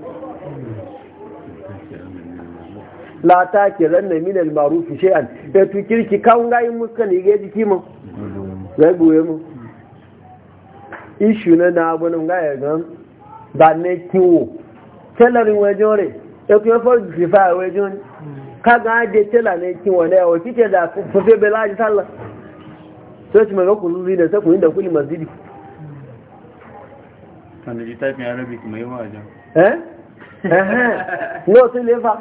la ta ke ranna min al shi an da e tu kirki kawun ga yin muska ne ga jiki mu ga goye mu ishi na na abunan ga gan ba ne kiwo telarin wajen re e fara fa a wajen ka ga de tela ne kiwo ne o kike da fufe bela ji sallah sai ci maga kullu zuri da sakunin da kuli kulli masjidi kan ji taifin arabic mai wajen eh? Eh, eh no sai lefa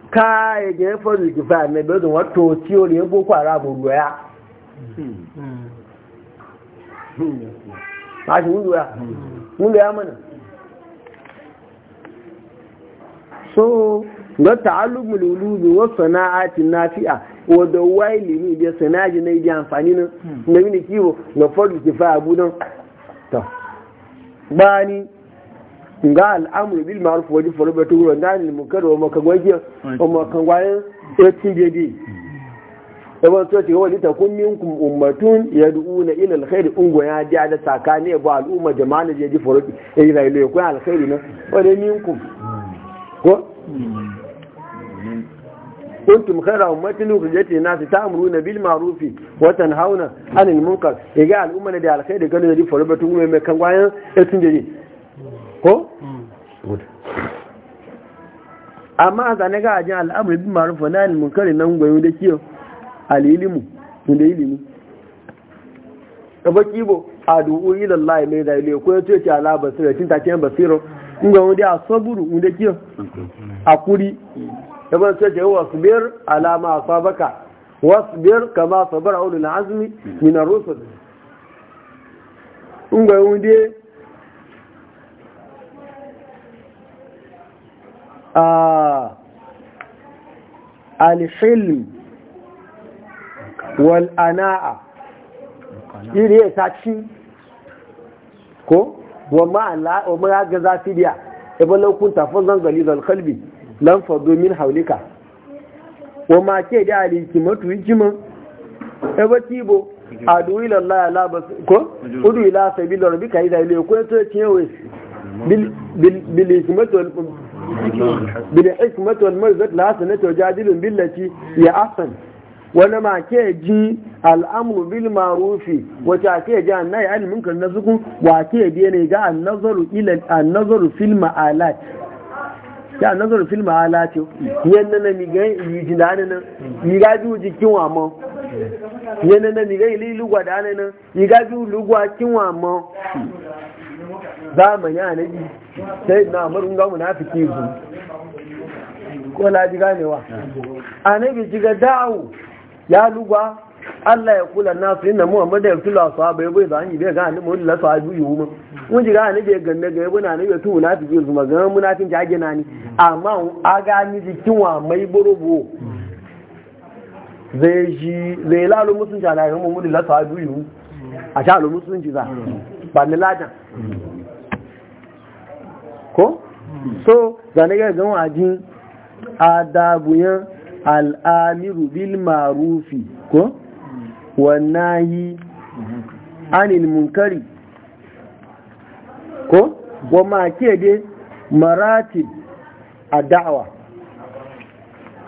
ká ẹ̀jẹ̀ fọ́dù ìjìfà ẹ̀mẹ́bẹ̀ ọdún wọ́n tó tí ó lè ń boko haram a ṣe wúlò ya wúlò So, mọ́nà so ga ta'allumul ulumi wa sana'atin nafi'a wa da waili hmm. ni da na idi amfani nan da kiwo ga fọ́dù ìjìfà abu nan to nga al'amuru bil ma'ruf wa nahy anil munkar na ni munkar wa makagwaje wa makagwaye etin bidi yawan to ce wani takun minkum ummatun yad'una ila alkhair ungo ya da da sakane ba al'umma jama'a je ji foro e ila ile ko alkhair na wani minkum ko kuntum khayra ummatin ukhrijat lin-nas ta'muruna bil ma'ruf wa tanhauna 'anil munkar yaga e al'umma da alkhair da gani da foro batun mai kan gwayan etin bidi ko? Hmm. good amma a zane ga ajin al'amur bin marufa na ilimin kare nan gwayo da kiyo alilimu da ilimi ɗaba kibo a dubu ilan lai mai da ile ko ya ce ce ala basira cinta ce basiro in ga wani a saburu da kiyo a kuri ɗaba ce ce wasu biyar alama a sabaka wasu biyar kama sabar a wani na azumi minar rusa. in gwayo alhilm wal'ana'a iri ya ci ko wa ma'a ga zafi biya ebe laukun tafin zangali zalkalbi lamfa min haulika wa ma ke da matu hikiman ebe tibo a duwi lallaya labas ko udu ila sabi da ka yi da ile ko ya to ya ciyewe bil hikmatu wal marzat la hasanatu wa jadilun billati ya ahsan wani ma ke ji al'amuru bil marufi wace a ke ji annai an munkar na sukun wa ke biye ne ga annazaru ila annazaru fil ma'ala ya annazaru fil ma'ala ce yanna na mi nan yana na lugwa da nan lugwa zamani annabi sai na murun ga munafiki zu ko la ji ganewa annabi ji ga da'u ya lugwa Allah ya kula nasu inna Muhammad ya kula bai yayi zan yi bai ga annabi wallahi sahabu yi ma mun ji ga bai ganne ga yabo na annabi tu munafiki zu magana munafin ji na ni amma a ni jikin wa mai burubu zai ji zai lalu musun alayin mu mun la sahabu a sha musun musunci za ba ni ladan ko so zane ga gan a adabuyan al'amiru bil marufi ko wannahi anil munkari ko wa ma ke maratib a da'awa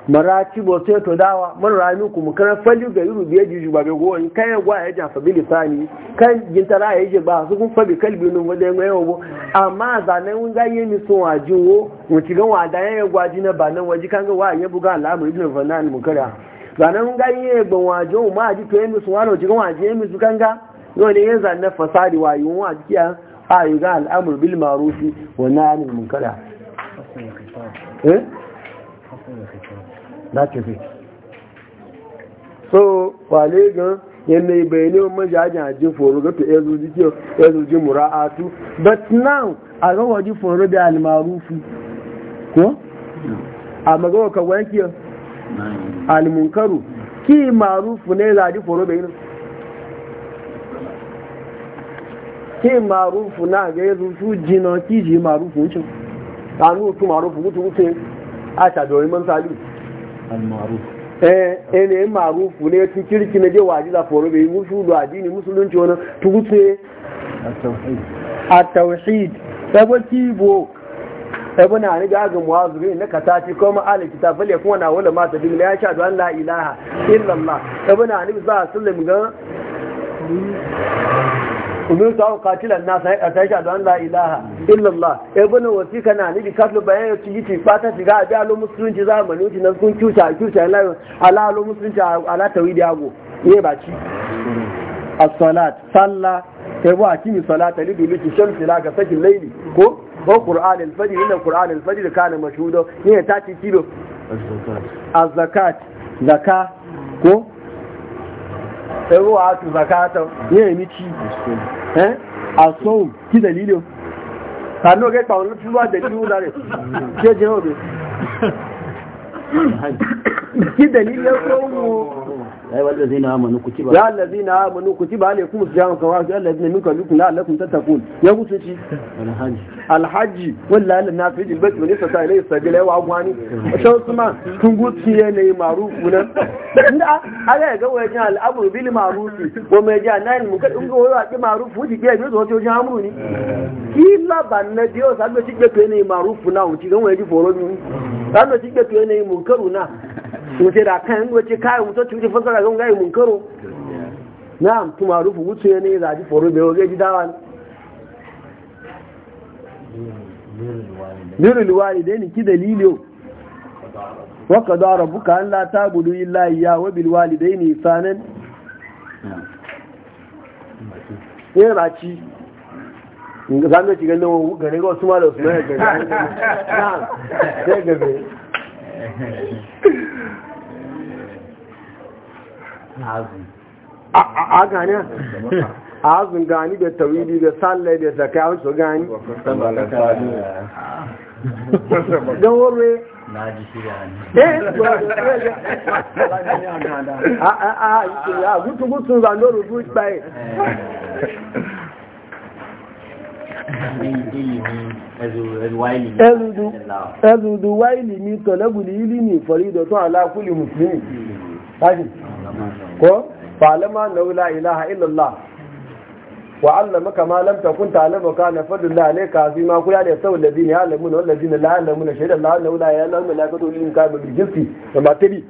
marati bo sai to dawa man rami ku mukana fali ga yuru biye ji ba be goyi kai ya gwa ya ja fa bili sani kan gintara ya je ba su kun fa kalbi nun wada yan yawo bo amma zanen un ga yemi so waji wo mu ci ga wada yan gwa ji na ba nan waji kan ga wa ya buga al'amuri ibn fanan mukara zanen un ga yemi ba waji wo ma ji to yemi so wano ci ga waji yemi su kan ga yo ne yan zanen fasadi wa yi wa ji ya ayu ga al'amur bil ma'ruf wa nahy anil munkara eh láti fi so wàlẹ́ gan yẹnna ibẹ̀ ní ọmọ jàjà àjẹ fòrò gẹ́tù ẹzùjí tí ẹzùjí múra àtú but now àgọ́wọ́jú fòrò bí alìmọ̀rúfù kọ́ àmọ́gọ́wọ́ kọ̀wọ́ kí ọ alìmùnkárù kí màrúfù ní ìlàjí fòrò bẹ̀yìn kí màrúfù fún jìnà kí eh ene ma'arufu ne tun kirki na je waji za foro bai musu da addini musulunci wani tugutse a tawhid sabo kibo sabo na ni ga muwazu ne na katati kuma ala kitabul ya kuma na wala ma ta dinga ya sha da la ilaha illallah sabo na ni za sallam ga umin su hau katilan nasa ya ƙasa shi adon la ilaha illallah ibn wasika na nabi katlu bayan ya ciki ci fata shiga a biya musulunci zamani wuce na sun kyuta kyuta ala ala lo musulunci ala tawhidi ago ye ba ci as-salat salla sai ba kimi salata li duluki shamsi la ga sakin laili ko ko qur'an al-fajr inna qur'an al-fajr kana mashhuda ne ta ci kilo az zaka ko ẹ̀rọ àtù zakata ní èmi tí asọ́hùn kí ai wanda zai na amanu kutiba ya allazi na amanu kutiba alaikum siyamu kama ya allazi na minkum yukum la allakum tattaqun ya kuce ci alhaji alhaji wallahi Allah na fi jilbati wani sata ilai sabila wa gwani shan kuma kun gutiye ne marufu nan inda ala ga wajen al'amru bil ma'rufi wa ma ja nan mu kadin go wa bi ma'rufu ji biya ne zo to jan amru ni kila banna dio sabbe ci gbe ne ma'rufu na wuci don wani foro ni sabbe ci gbe ne munkaru na wuce da kan wace kayan wuce cuci fasara zan gayi mun karo na tuma rufu wuce ne za a ji foro bai wage ji dawa ne nirul walidai ne ki dalilo da qada ka an lata gudu illa iyyahu wa bil walidayni ihsanan ne ba ci za mu ci ganin gane ga wasu malar su ne gare na sai a gani azun gani da tawili da sallai da zaka wasu gani don warwe na ji shirya ne a gutu gutun zano rubu bai ẹzùdù wáìlì mi tọ̀lẹ́bùlì ìlú ní ìfọ̀rí ala kuli mùsùlùmí ko falama na la ilaha illallah wa allamaka ma lam takun ta'lamu kana fadlullah alayka ma kula da sau ladina ya'lamuna wal ladina la ya'lamuna shayda la la ya ya'lamu la kadu lin ka bil jinsi da matri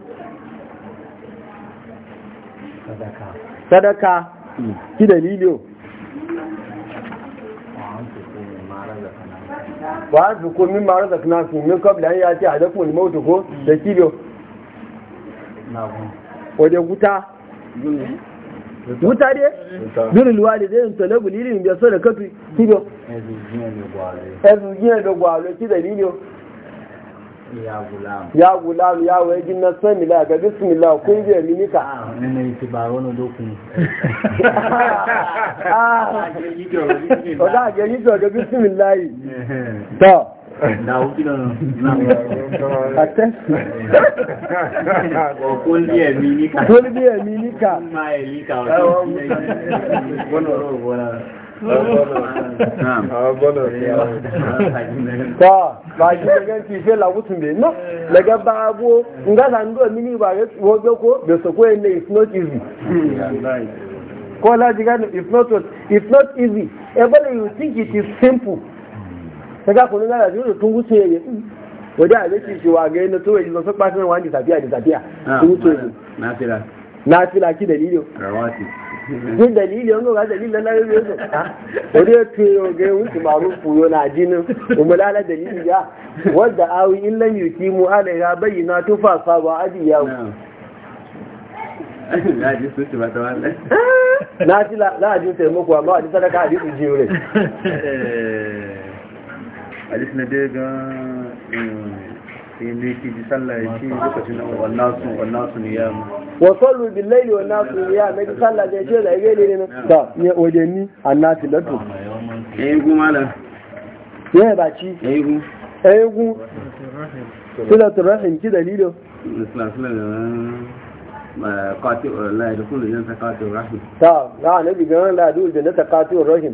sadaka sadaka ki dalilo wa an ko min ma razaqna fi min ya ce a dafa wani mautu ko da kibo wajen wuta wuta dai birin luwadi zai yin talabu lilin biyar so da kafi kido ezugiyar da gwalo ki dalilin ya gulam ya waye jin na san mila ga bismillah kun je minika ah ne ne ti ba wono dokun ah ah ga yi to ga bismillah to Kul bi eminika. Kul bi eminika. Ma elika o. Bono ro bola. ta ba shi daga fife lagutun bai no daga ba abu nga sando mini ba ga wobe ko bai so ko ne it's not easy ko la diga it's not it's not easy even you think it is simple daga kunin gara biyu da tun wadda a zai shi wa gai ah, na tsohon jizo sun ɓasa wani tafiya da tafiya tun wuce ne na fila na fila ki dalilin rawati ki dalilin wani ga ah, wadda ya tuyo gai wuce maru fuyo na jinin umarala dalili wadda awi in mu ya ji hadis na dai ga eh, ji sallah ya lokacin da wannan su wannan su ya mu wa sallu bil layli wa nasu ya sallah da ce ya ne ne waje ni annati eh gu malam ya ba ci eh gu eh gu silatu rahim ki dalilo قاتل لا يدخل الجنة قاتل الرحم لا نبي قال لا قاتل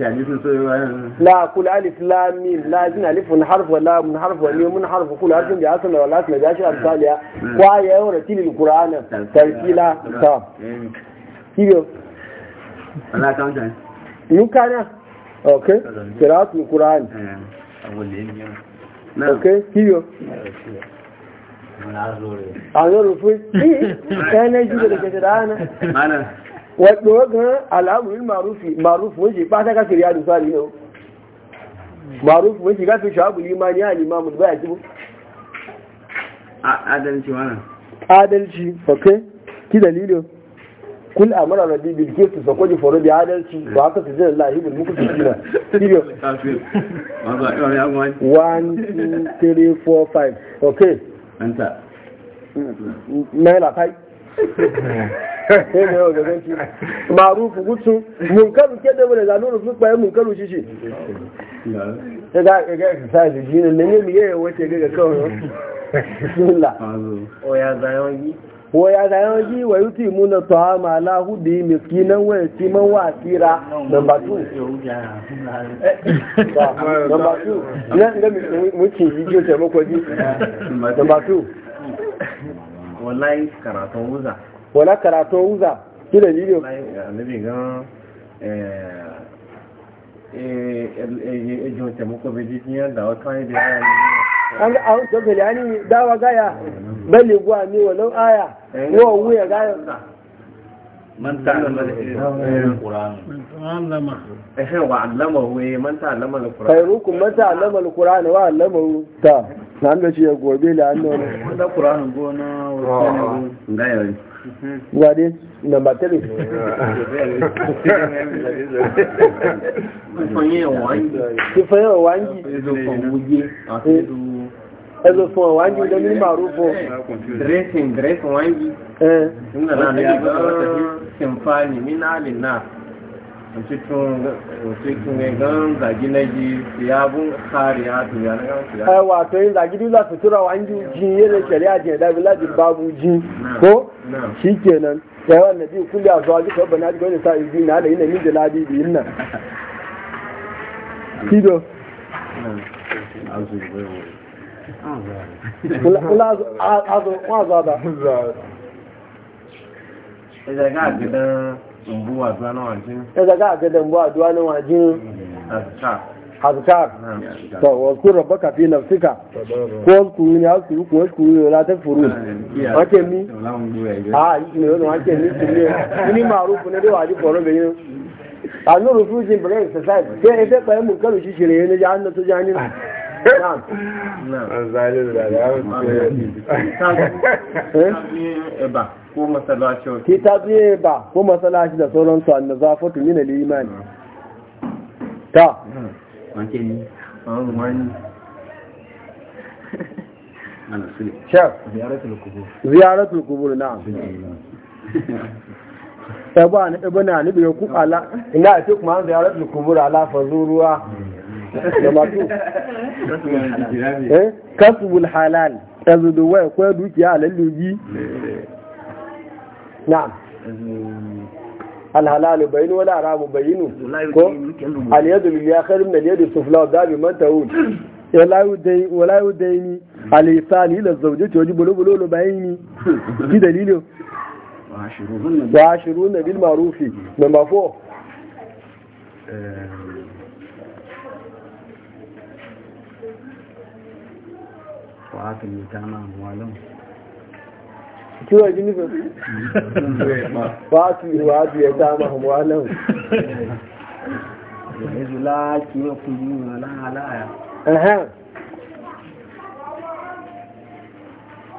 يعني لا كل ألف لا ميم لا زين ألف من حرف ولا من حرف ولا من حرف كل ألف من جاسم ولا أسماء بعشر أمثالها قاية ورتيل القرآن ترتيلا تام كيو أنا كم جاي يمكن أوكي قراءة القرآن آه. نعم. أوكي كيو أنا رفيق إيه؟, إيه أنا جيت لك ترى أنا wato gan al'amuri marufi marufi wace ba ta kasir ya dusa ne yau marufi wace kafin shabu limani ya limamu ba ya kibu adalci wannan adalci ok ki dalilin kul amara rabbi bil kisu fa kwaji foro bi adalci ba haka su jira lahi bil muku su jira ne yau gaganci marufu gutsu munkaru ke da wani zanen rufu kwaye munkaru shi shi ya ga ga exercise shi ne ne mu yayin wace ga kawai bismillah o zayon yi wa zayon yi wa yuti muna tuhama ala hudi miskinan wa yatiman wa asira number 2 number 2 nan ga mu ci yi ce mako ji number 2 wallahi karatun wuza wala karatu wuza shi da video annabi ga eh eh da wata ne an ga an gani dawa gaya walau aya wo wuya gaya man ta'allama al-Qur'an eh wa 'allamahu eh man wa 'allamahu ta nan da shi ya gobe da annon da Qur'an gona wa ngayari Wade, number three. Kifanyewa wangi. Kifanyewa wangi. ẹzọ fún ọ̀wá ní ilẹ̀ ní màrú fún dressing dressing wọ́n yí nígbà náà ní ọjọ́ simfani mínàlì náà òtítún òtítún ẹ̀gán zàgínẹ́jì ìyábùn kárí àtúnyà nígbà nàbí ìkúlẹ̀ àzọ ajíkọ̀ ọ̀bẹ̀ náà jẹ́ ìta ìgbì náà lẹ́yìn nàbí ìjẹ́ láti ìdí ìnà Kido. wọ́n àzọ́ àdá. ẹ̀zẹ̀gá àgẹ́dẹ̀ m̀bú àdúrà náà wà jíun. ẹ̀zẹ̀gá àgẹ́dẹ̀ m̀bú àdúrà náà wà jíun. أذكار واذكر ربك في نفسك واذكروني أذكرك واذكروني ولا تكفرون وكمي آه يقولون وكمي كمي إني معروف نبي وعلي فورون بينهم أنه رفوز in brain society sai ita bayan mun kalu shi shirye ne jahannatu jahannatu ki ta biye ba ko masalaci da sauransu an da zafatu mina limani ta ziyaratul kubur na sabu a naɗa bana naɗa ya kuka ala ina a ce kuma ziyaratul kubur ala fazuruwa kasbul halal tazudu wai ko dukiya halalluji na'am الحلال بين ولا حرام بين اليد اللي اخر من اليد السفلى وذاب من تهون ولا يديني الإحسان إلى الزوجة وجب له بلول بعيني في دليله وعشرون بالمعروف نمبر 4 وآت اليتامى kiwa ba ba su yi wa biya ta mahu walau yanzu la kiwa ku yi wa la'alaya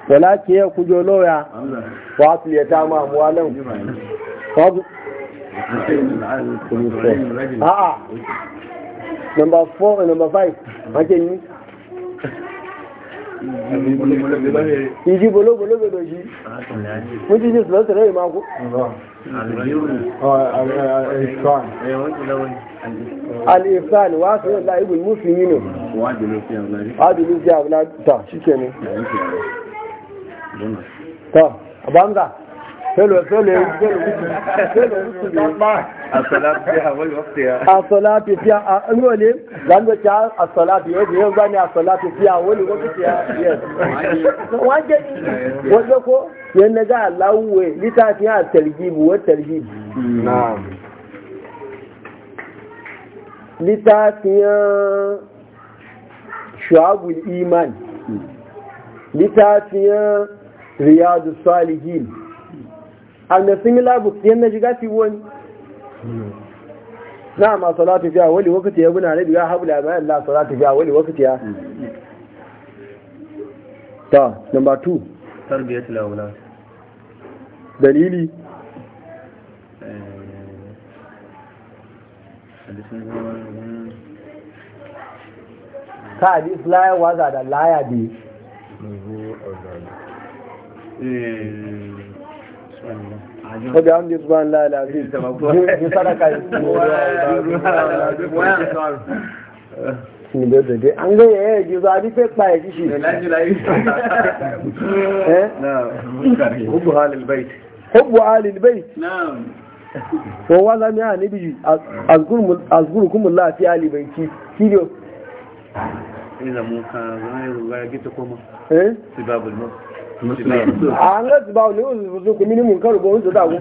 wala ke ya kujo loya wa su ya ta mahu walau a'a number 4 number 5 mace ni ìdí bolóbolóbodò yìí wọ́n ti ní ìsìlọ́sẹ̀lẹ̀ ìmáko al'ifan wa sọ yọ̀lá ibùn mufin yìí wádìí ló fi àwọn ta, ṣíkẹ́ ni ta àbámdà فلو فلو الصلاة فيها والوقتها الصلاة فيها أنولي لأنه تعال الصلاة يجي يوم بني الصلاة فيها والوقتها واجد وجهكو ينجا الله لتاتيها الترجيب والترجيب نعم لتاتيها شعب الإيمان لتاتيها رياض الصالحين an similar books yan na shiga fi wani na ma salatu fiya wali wakati ya guna rabi ya habla ma Allah salatu fiya wali wakati ya ta number 2 tarbiyatul awlad dalili eh, hmm. ka hadis laya waza da laya bi Obi an bi zuwa Allah alazi, bi sadaka yi. Sinibe dede, an gẹ́ yẹ̀ Wọ́n wá lámí à níbi jù, azgúrùkúmùlá àti alibaiti, kílíọ̀. Ìzàmù kan, wọ́n yẹ̀ rùgbára gẹ́tọ́ kọ́mọ́. Eh? Sibabul mọ́. àwọn láti bá òní òṣìṣẹ́ kò mínímù nǹkan rògbò oúnjẹ dàgbó.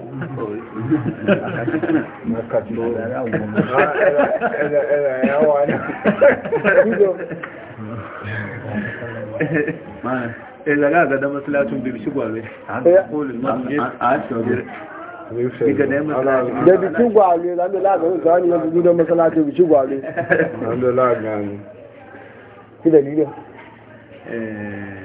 ẹ̀rọ àgàdá masalacin bèbí ṣùgbọ́n rẹ̀ Jẹ́bi tí gbàlè lábẹ́ láàgbẹ̀rún ìgbà ní ọdún gúdọ́ mọ́sálásí ìbí tí gbàlè. Lábẹ́ láàgbẹ̀rún. Kí lẹ̀ lílẹ̀? Ẹ̀ẹ̀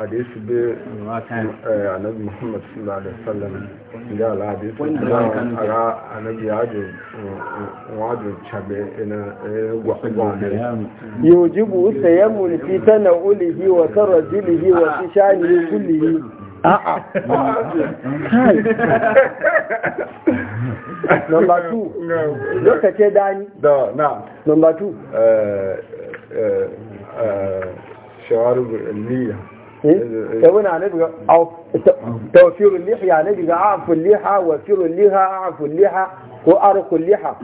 حديث ب آه، النبي محمد صلى الله عليه وسلم جاء الحديث على النبي عجب وعجب شبه إلى يوجب التيمم في تناوله وترجله آه. وفي شأنه كله a'a 2 2 إيه؟ إيه، إيه. تونا نبغى او توفير الليح يعني نبغى اعرف الليحه وفير الليها اعرف الليحه وارق الليحه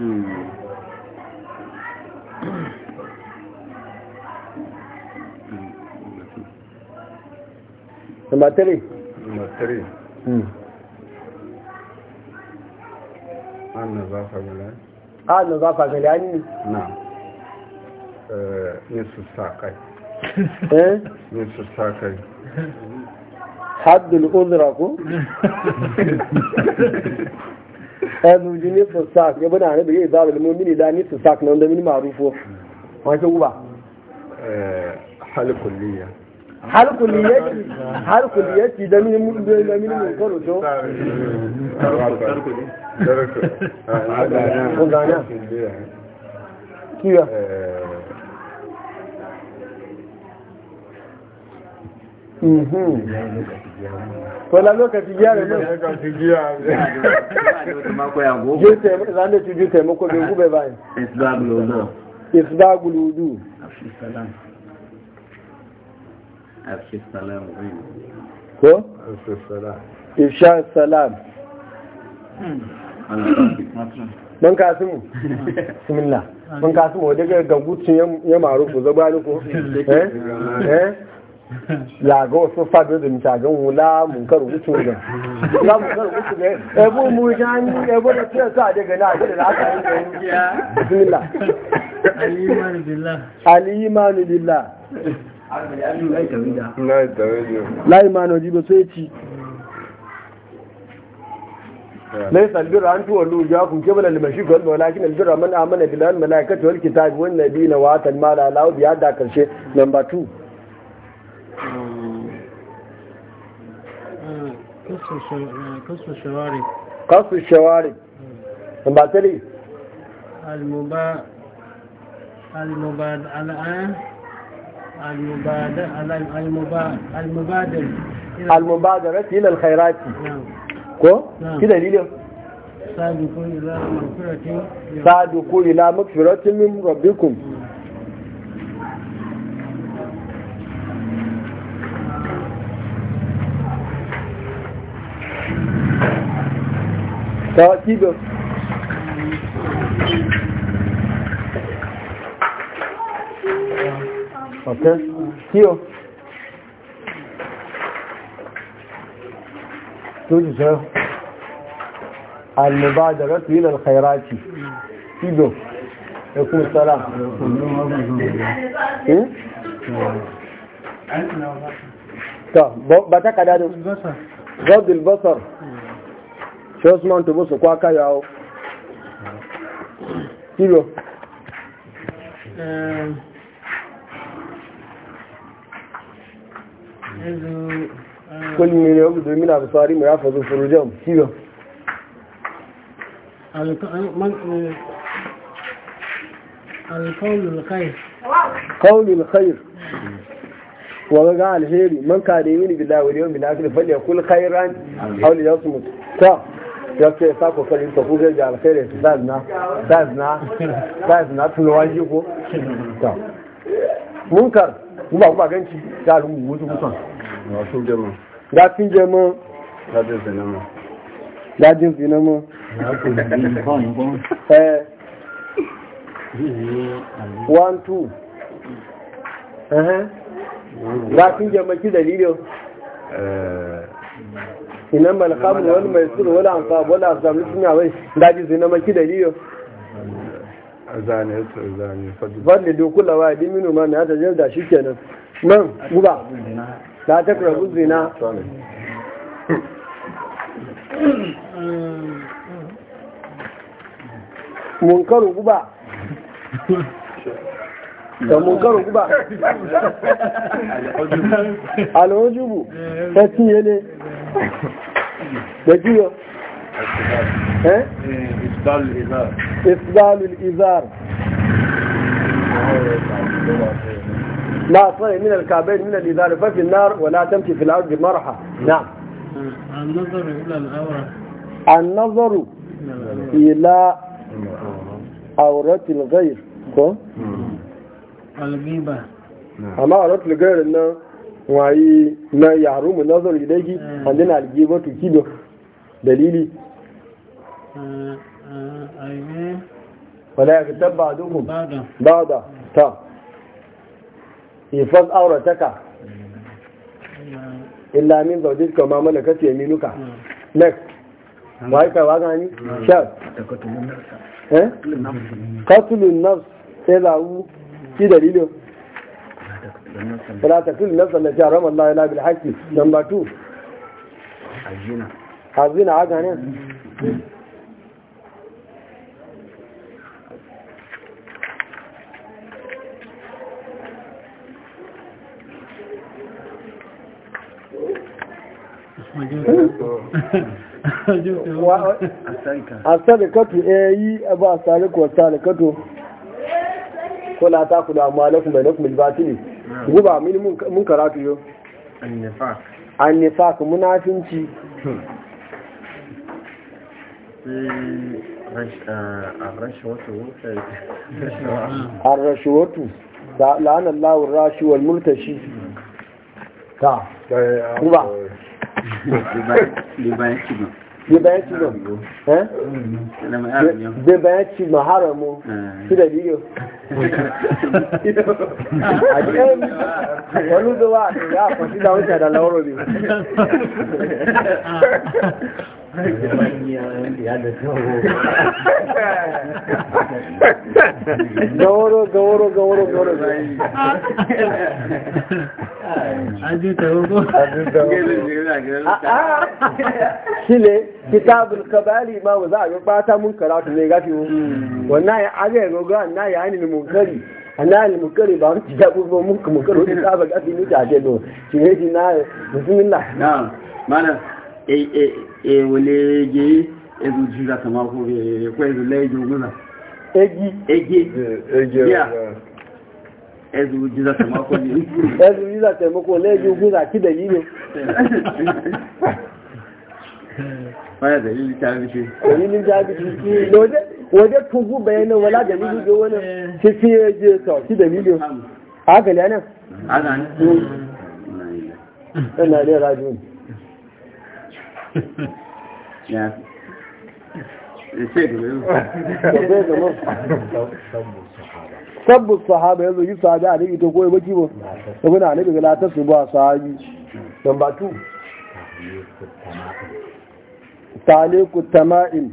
ثم تري ثم تري انا ضافه ملان انا ضافه ملان نعم آه، نصف ساعه إيه؟ حد الأذرة كو أبو جنيف الساق يبنى عن بيه إضافة المؤمن إذا نيف الساق نعم ده من معروفه ما شو بقى إيه، حال كلية حال كلية حال كلية ده من ده من منكر وشو كيف إيه، Wala lokaci gyara ne? Lokaci gyara ne. Zane ji taimako bai gube bayan. Isbagul wudu. Ko? Afisalamu. salam. Mun kasimu? Bismillah. Mun kasimu wadda ya marufu ko? lago su fado da mutagen wula munkar wuce ga za mu kar wuce E ebo mu jani ebo da sa daga na da yi bismillah al-iman billah al-iman billah la iman ji ba ci ليس البر أن تولوا وجوهكم قبل المشرق والمغرب ولكن البر من آمن بالله آه، آه، قصف الشوارب آه، قصف الشوارب نمبر 3 المبا المبادئ الآن المبادئ المبادئ المبادرة إلى الخيرات نعم كو نعم. كده ليه صادقوا إلى مغفرة صادقوا إلى مغفرة من ربكم نعم. كيف كيف كيف حالك؟ حالك؟ حالك؟ كيف حالك؟ كيف حالك؟ كيف حالك؟ كيف حالك؟ كيف حالك؟ كيف حالك؟ كيف حالك؟ كيف حالك؟ كيف البصر osman tó bó sùnkú akáyà ó kílò kúlù mìírí ọgbùdó mìírí àbùsọ́rí mìírí àfọ́sọ́ fòròjọ́m kílò kọlù lkhair wọ́n ga alheri man ka da yi mini bilawo yau kula falle kul khairan auliyar su mutu ya ce sa kokarin ta kuka da alkhairi that's na that's na that's na tun waji ko to munkar mu ba ku ba ganci ta lu mu wuzu mutan na sun je mu da sun je mu da jin zina mu da jin zina mu one two eh da sun ki dalilin inan malakamu wani mai suru wani amfani wani amfani sun yawai daji zai na maki daliyo zane su zane fadli dokula wa yadda minu ma na ta da shi nan nan guba ta ta karabu zina munkaru guba tọmọkọrọ kúbà alọ́júbù ẹtí yẹlé gbẹ̀júyọ ìfìdálù ìzàr لا صنع من الكعبين من الإزار ففي النار ولا تمشي في الأرض بمرحة نعم النظر إلى العورة النظر إلى عورة الغير algiba amma a ratul gairin nan wayi na yaro mu na nazar gidagi eh. an dina algiba to kido dalili eh, eh, wala ya fitar ba duhun ba da ta ifas aurataka illa min zaujinka ma malakat yaminuka next waye karwa gani shar katulun nafs sai zaru shi dalilin fala taqtul nafsan allati harama Allah illa bil haqqi 2 hazina ne asali kato ya yi a ba ko kato ko la ta kudu amma lakum bai lakum batili guba mini mun karatu yo an nifak munafinci ah, arrashuwatu la'an Allah rashi wal multashi ta ah, guba libayen bai bayan ci ga bai bayan ci ma haramu da biyu a wani zuwa ya kwashi da wuce da lauro gauro gauro gauro gauro shine kitabul kabari ma ba za a ga bata mun karatu ne gafi wannan ya aga gogo na ya ni munkari ana ni ba ta gafi ni na ewele eh, eh, eh, ge ezu jiza kama ko ko ezu leje oguna egi ya ezu jiza kama ko ezu jiza kama ko leje oguna ki da ne. baya da yin tabici yin tabici ki lode waje tugu bayanin wala da miji ga wani fifi ya je to ki da miliyo haka ne ana ana ne ina da rajin sabbin sahaba yanzu yi sahabi a nabi ta koyi maki ba sabbin a nabi gala ta su ba sahabi number two taliku tama'in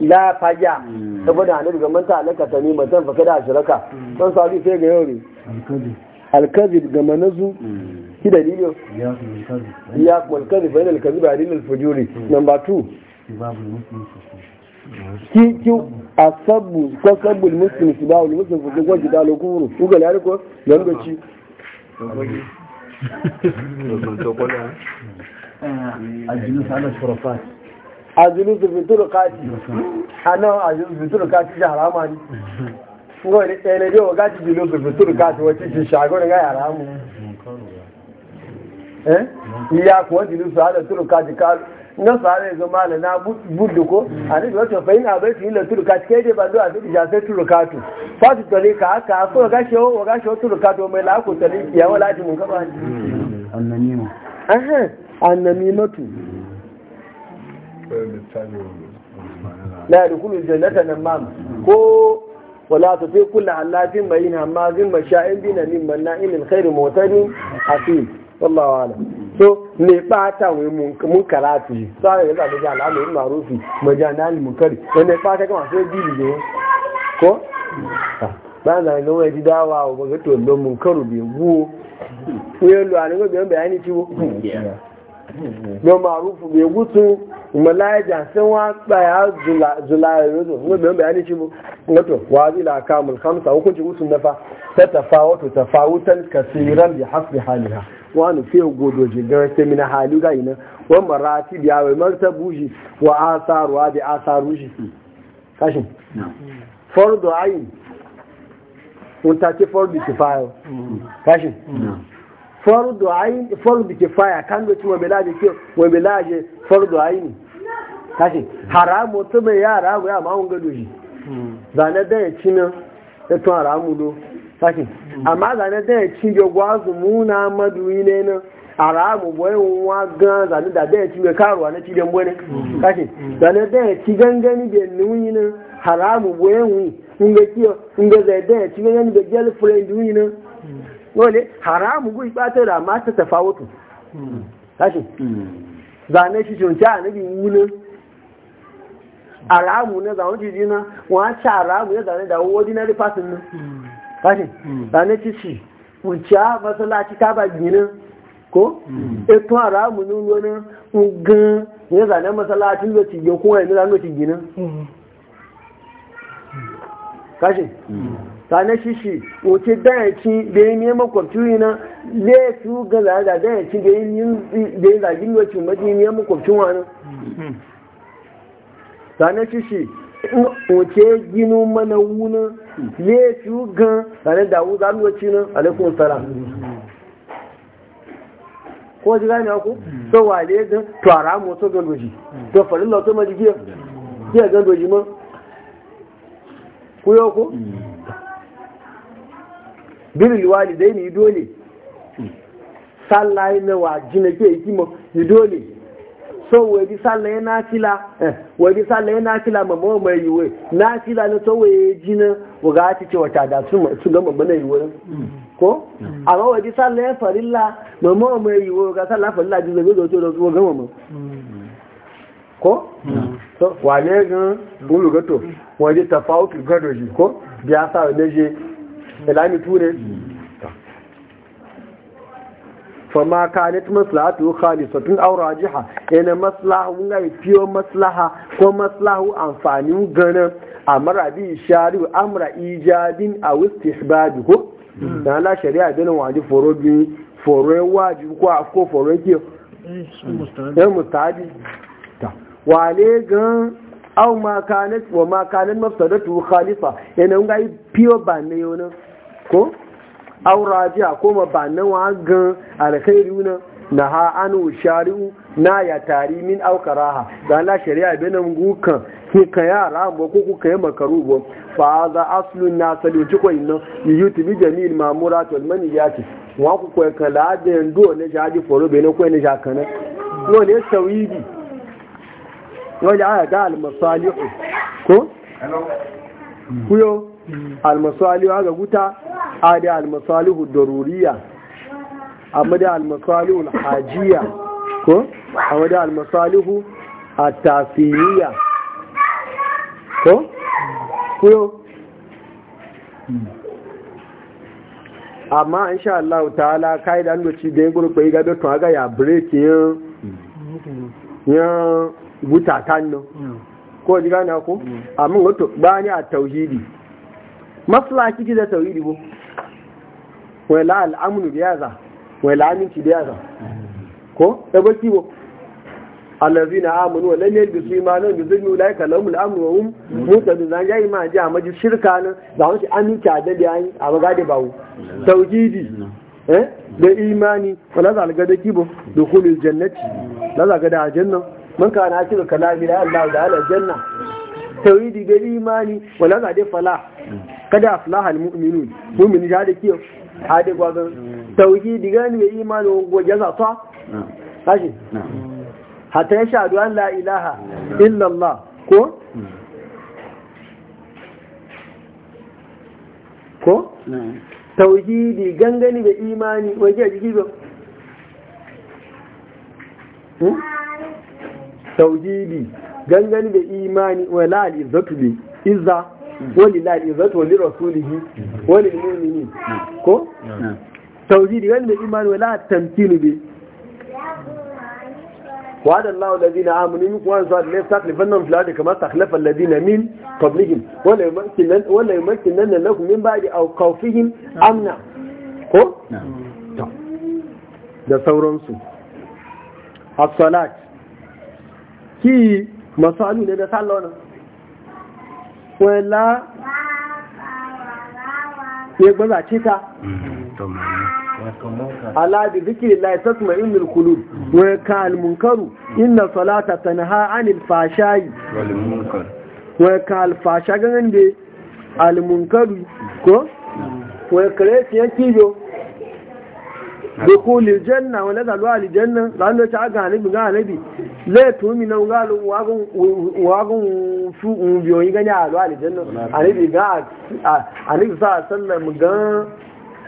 la faja sabbin a nabi gaman ta alaka ta nima zan kada a shiraka don sahabi sai ga yau ne alkazib gama nazu hmm. ki dalilin ya kwalkazi a yana kazi ba dalilin fujuri number 2 ki ki asabu ko sabul muslim sibawul muslim ko ji dalo kuru uga ko yangoci ajilu kati hannun ajilu su da ne ngwai da ɗaya na biyo wa gaji kati wacce shago shagon ga haramu Eh? iya kuwa wajen su hada turuka jika na fara yanzu mala na buddu ko a nufi wata fahim a bai fiye da turuka cikin dai ba zuwa duk sai turuka tu fatu tare ka haka a kuma gashe wa gashe wa turuka to mai lako tare ki yawa lati mun kaba ne annamima aha annamima tu la yadkhulu jannata namam ko wala ta fi kula ولا تطيع كل حلاف مهين هماز مشاء بنميم مناء للخير معتد حفيظ wallahu alam so me bata wai mun mun karatu sai ga da jala mai marufi majanal munkari wanda ta kama sai bili ne ko ah, ba na ga wai dawa ba ga to don munkaru bi guwo ko lo an ga bayan bayani ciwo don marufu bi gutu malaja sun wa tsaya zula yozo ko bayan bayani ciwo wato wa zila kamul khamsa hukunci usun nafa ta tafawutu tafawutan kasiran bi hasbi haliha wani fiye godoji ga mina hali gai na wa marati biya wai marta buji wa asaruwa da asaru shi fi kashin fardo ayin fardu ce fardo kifayo kashin fardo ayin fardo kifaya kan da ci wabilaje ke wabilaje fardo ayin kashin haramu ta mai yara ya ma'un gado shi hmm. zane da ya ci ya tun haramu do sake amma zane da ya ci yagwa su muna ne na a ramu bai wa gan zane da da ya ci mai karuwa na cikin bane sake zane da ya ci gangani da na haramu bai e wi in kiyo in zai da ya ci gangani da girlfriend na wale haramu bai bata da mata tafawutu sake zane shi a nabi wuna na zaune na ya zane da ordinary person fashin hmm. ranar cici wuciya masalaci ta ba ginin ko hmm. eto ara mu ni wani ngan ya zane masalaci da ci kuma yanzu hmm. da noti ginin kashin ranar shishi wuce dayaci da yi neman kwamfuri na laifu ga zane da dayaci da yi zagin lokacin maji neman kwamfuri wani ranar shishi wuce ginu mana ye su gan ane dawu za mu ci nan alaikum salam ko ji gane ku so wale gan to ara mu so gan doji to farin la to ma jiye jiye gan doji ma ku yo ku bil walidaini dole sallai na wajina ke yi ni dole so waje sallah ya nafila waje sallah ya nafila mamma mai yiwe nafila na to waje jina waga ci ce wata da su su ga mamma yiwe ko amma waje sallah ya farilla mamma mai yiwe waga sallah farilla ji zabe zo to da ga ko so wale ga bulu ga to waje tafawut ga ko biya sa da je ture fama kanit maslahatu khalisatun aw rajiha ina maslahu ga fiyo maslaha ko maslahu amfanin gana amara bi shari'u amra ijabin aw istihbabi ko dan la shari'a dana waji foro bi foro waji ko afko foro ke eh mustahabi ta wale gan aw ma kanat wa ma kanat mafsadatu khalisa ina ga fiyo ba ne yono ko aura ji a koma ba nan wa gan alkhairu na na ha anu shari'u na ya tari min aukaraha da la shari'a bi nan gukan ki ka yara ba ko ku kai makaru ba fa za aslun na salu ci ko inna yuti bi jamil mamuratul maniyati wa ku ko kala da ndo ne jaji foro be ne ko ne jakana ko ne tawidi ko da ga al masalihu ko kuyo Mm. almasalihu ga guta a da almasalihu daruriya amma da almasalihu alhajiya ko amma da almasalihu atafiriya ko kuyo amma insha Allah ta'ala kai da annoci da ya gurbe ya gado to aga ya break yin yin guta tanno mm. ko ji gane ko mm. amma wato bani a tauhidi maslaki ki da tauhidi bo wai la al'amnu biya za wai la aminci biya za ko da baki bo allazina amanu wa lam yalbisu imanan bi zulmi ulaika lahum al-amru wa hum muhtadun zan yayi ma ji maji shirka nan da wani aminci da yi a baga da bawo tauhidi eh da imani wala za ga da kibo dukhulul jannati la za ga da janna man kana akil kalami la Allah da al janna tawhidi bai imani wala ga dai fala kada aflaha almu'minun mu'min ya da kiyo hade gwagan diga gani bai imani goge za ta kashi hatta ya shahadu an la ilaha illallah ko ko tauhidi gangani da imani waje a jiki ba hmm? tauhidi gangani da imani wala al'izzatu bi izza wani la al'izzatu wani rasulihi wani mu'mini ko tauhidi gangani da imani wala tamkinu bi وعد الله الذين آمنوا منكم وأنصار الله يستخلفنهم في الأرض كما استخلف الذين من قبلهم ولا يمكنن ولا يمكنن لكم من بعد أو خوفهم amna ko? da sauransu as-salat ki masu ne da sallah wannan wala ya gbaza ce ta ala bi zikrillah inil kulu wa ka munkaru inna salata tanha anil fashai wal ka wa kal fasha ganin da al ko wa kare yan kijo dukhulil janna wa nazalwa al janna zan ta ga hanabi ga hanabi zai min na ngalun wagon su biyoyi gani a alwa alijanna anibi ga anibi sa sallam ga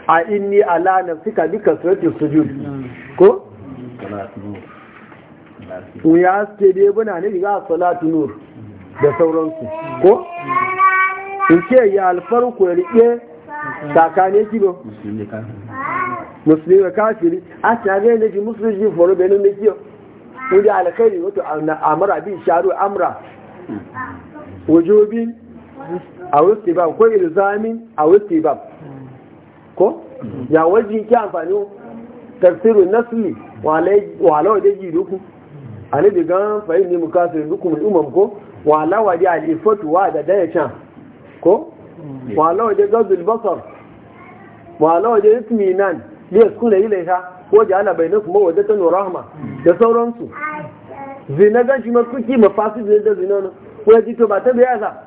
a inni ala nafsika bika surati sujud hmm. ko ku ya ce dai bana ne ga salatu nur da sauransu ko hmm. in ce ya alfarku ya rike tsakanin kibo musulmi da kafiri a tare da ji musulmi foro benin da kiyo wuri alkhairi wato amara bin sharu amra wajobin a wasu ba ko ilzamin a wasu ba ko ya waji ki amfani tafsirin nasli wa la ji duku ani daga fahim ni mukasirin duku mu umam ko wala waje alifatu wa da da can ko wa hmm. wa waje gazul basar wala waje nan? liyar kula ilaiha ko ja'ala bainakum mawaddatan wa rahma da sauransu zina ga shi makuki mafasi zina da zina ne ko ya jito ba ta biya za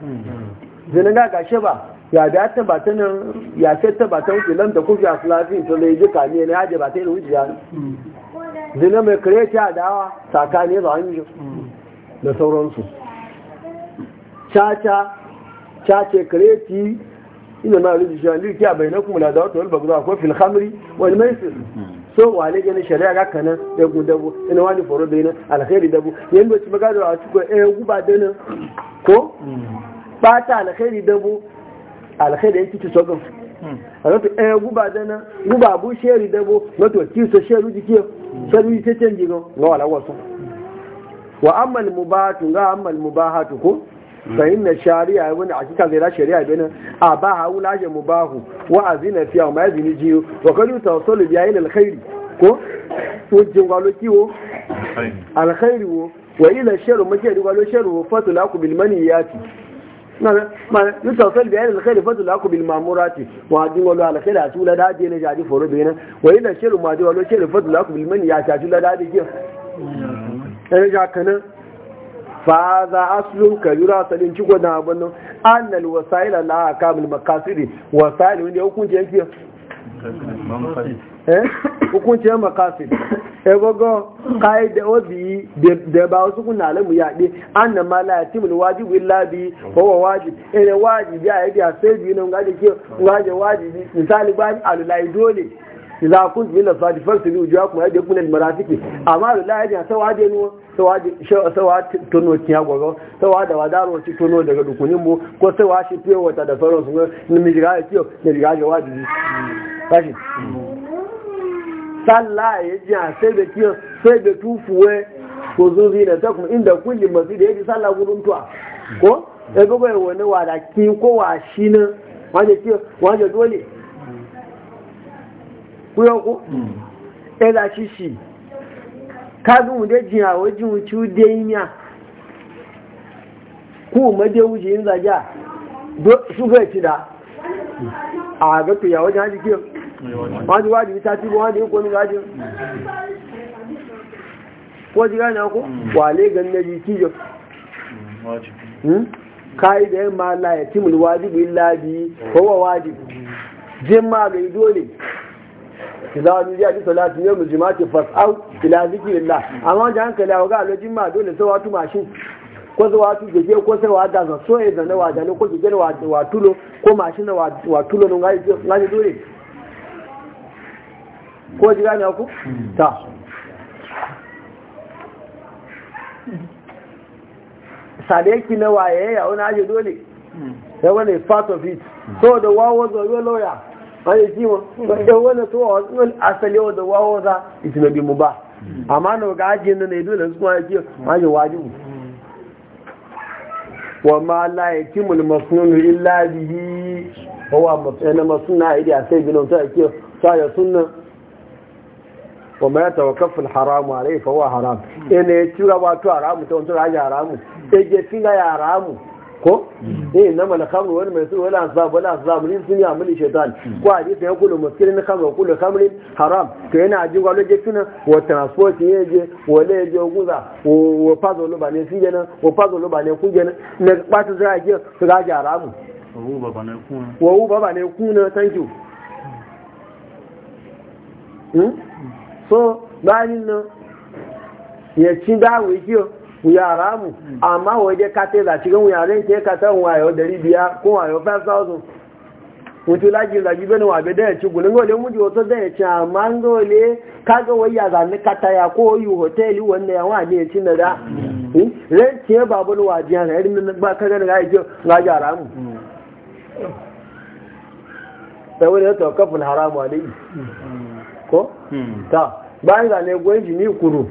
zina ga gashe ba ya da ta ba ta nan ya ce ta ba ta wuce lam da kufi a sulafi to zai ji kame ne haje ba ta yi wuciya ne zina mai kare a dawa tsakani ba an yi da sauransu caca cace kireti inda ma rubi shi wani rikiya bai na kuma da wata wani babu zuwa ko fil khamri wani mai so wale gani shari'a ga kanan da gudabu ina wani foro bai nan alkhairi dabu yan da cima gado a cikin eh guba da nan ko bata alkhairi dabu alkhairi yake ci sogan a rata eh guba da nan guba bu sheri dabu wato so sheru jike sheru jike canji ga wala wasu wa al mubahatu ga al mubahatu ko Ka mm. in na shari'a ya wani aji ta ziyara ya daina. A ba a haihu laje mu bahu, wa a zi na ma a zi ni ji yo. Wa kai ya yi alkhairi. Ko, jin ko aloki Alkhairi. wo wa yi la kubili mani ya yaki. Ina ne, Ina ne ya yi da fa za aslun kabira salin ci gwada abin nan annal wasaila wanda ya ya makasir e gogo da obi da ba wasu kuna alamu ya de annan ma la yatimul wajibu illa bi huwa wajib eh wajibi a yi sai biyu na ga da ke wajibi misali ba alulai dole idza kuntum min as-sadi farsilu wujuhakum ayda kun al-marafiqi amma la yajin sawade nuwa sawade sawade tono kiya gogo sawade wadaro ci tono daga dukunin mu ko sawashi fiye wata da sauransu ne mi jiga ya ciyo ne jiga ga wajibi ya ji a sai da da ta kuma inda kulli masu da ya ji sallah gudun tuwa ko ya gaba ya wani wada ki ko wa shi nan wajen dole kúyọ́kú ẹ̀dà ṣíṣì kágùn dé jìn àwọn jíun tí ó dé ìmìà kú mọ́dé wùjì ń zàjá ṣúgbẹ́ ti dá àgbẹ̀kù ìyàwó jẹ́ ájí kí wọ́n ti wádìí ta tí wọ́n dín kómi rájí da yamma láyẹ̀ tí jẹ́ máa lè dole idza nudiya li salati yawm al-jum'ati fas'au ila zikrillah amma da hankali a ga lojin ma dole sai watu mashin ko zuwa watu gege ko sai wa da so ya zana wa da ko gege wa wa tulo ko mashin wa tulo nun ga dole ko ji gane ku ta sadeki na waye ya wani aji dole sai wani part of it so the war was a lawyer wani kima wanda wani to wasu wasu asali yau da wawo za iti na bimu ba amma na ga ajiye na naidu da su kuma yake wajen wajibu wa ma la yakimul masnun illa bihi huwa masnun masnun idi asai bin ta ake sa ya sunna wa ma yatawakkafu al haram alayhi fa huwa haram ina ya tura wato haramu ta wancan raja haramu ege finga ya haramu ko mm. eh na mal khamru wani maisir wala azab wala azab lin sun ya'mal shaytan mm. ko hadisi ya kullu muskirin khamru kullu khamrin haram to yana aji gwalo je tuna wa transport ye je wala ye je guza wa fazo lo bane si jena wa fazo lo bane ku jena ne kwatu zai je su ga haramu. wa u baba ne ku wa u baba ne ku na thank you hmm? mm. so bayanin nan ya ci dawo kiyo yara mu amma waje kate da cikin yaren ke kata wayo dari biya ko wayo 5000 mutu laji laji bane wa be da ci gulun gole mu joto da ya ci amma gole kaga waya za ni kata ya ko yu hotel wanda ya wani ya ci na da hmm? ran ce babu wa jiya ga irin ba kaga ga ya ji ga yara mu sai wani ya tawakkafu haramu alai ko hmm. Hmm. ta bayan ga ne gwanji ni kuru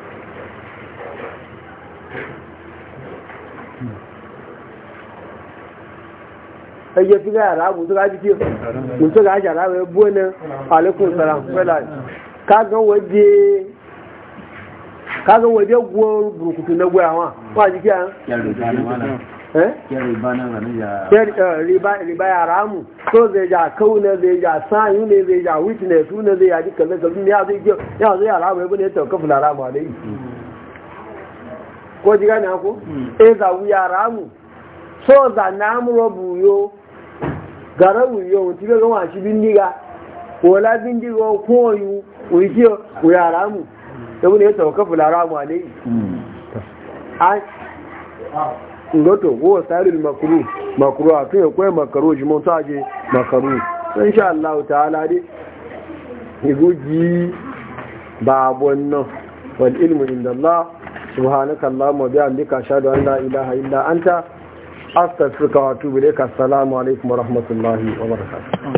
ẹjẹ́ fi gáyàrá mú tó gájú kí hmm. mú tó gájú àrá rẹ̀ bú àlékún ìsàrà pẹ́lá kágan wọ́n dé gbọ́ burúkutu na gbọ́ àwọn wọ́n àti kí a riba ya ramu so zai na zai ja sayu zai ya zai ya ebe na garawu yau ti ga wa shi bindiga bin bindiga ko yu uyi ko ya ramu to ne tawakkafu la ramu alai an ngoto wo sarul makru makru a tun ko makru shi mun taje makru insha Allah ta'ala dai iguji babu nan wal ilmu inda Allah subhanaka Allahumma bihamdika ashhadu an la ilaha illa anta السلام علیکم ورحمۃ اللہ وبرکاتہ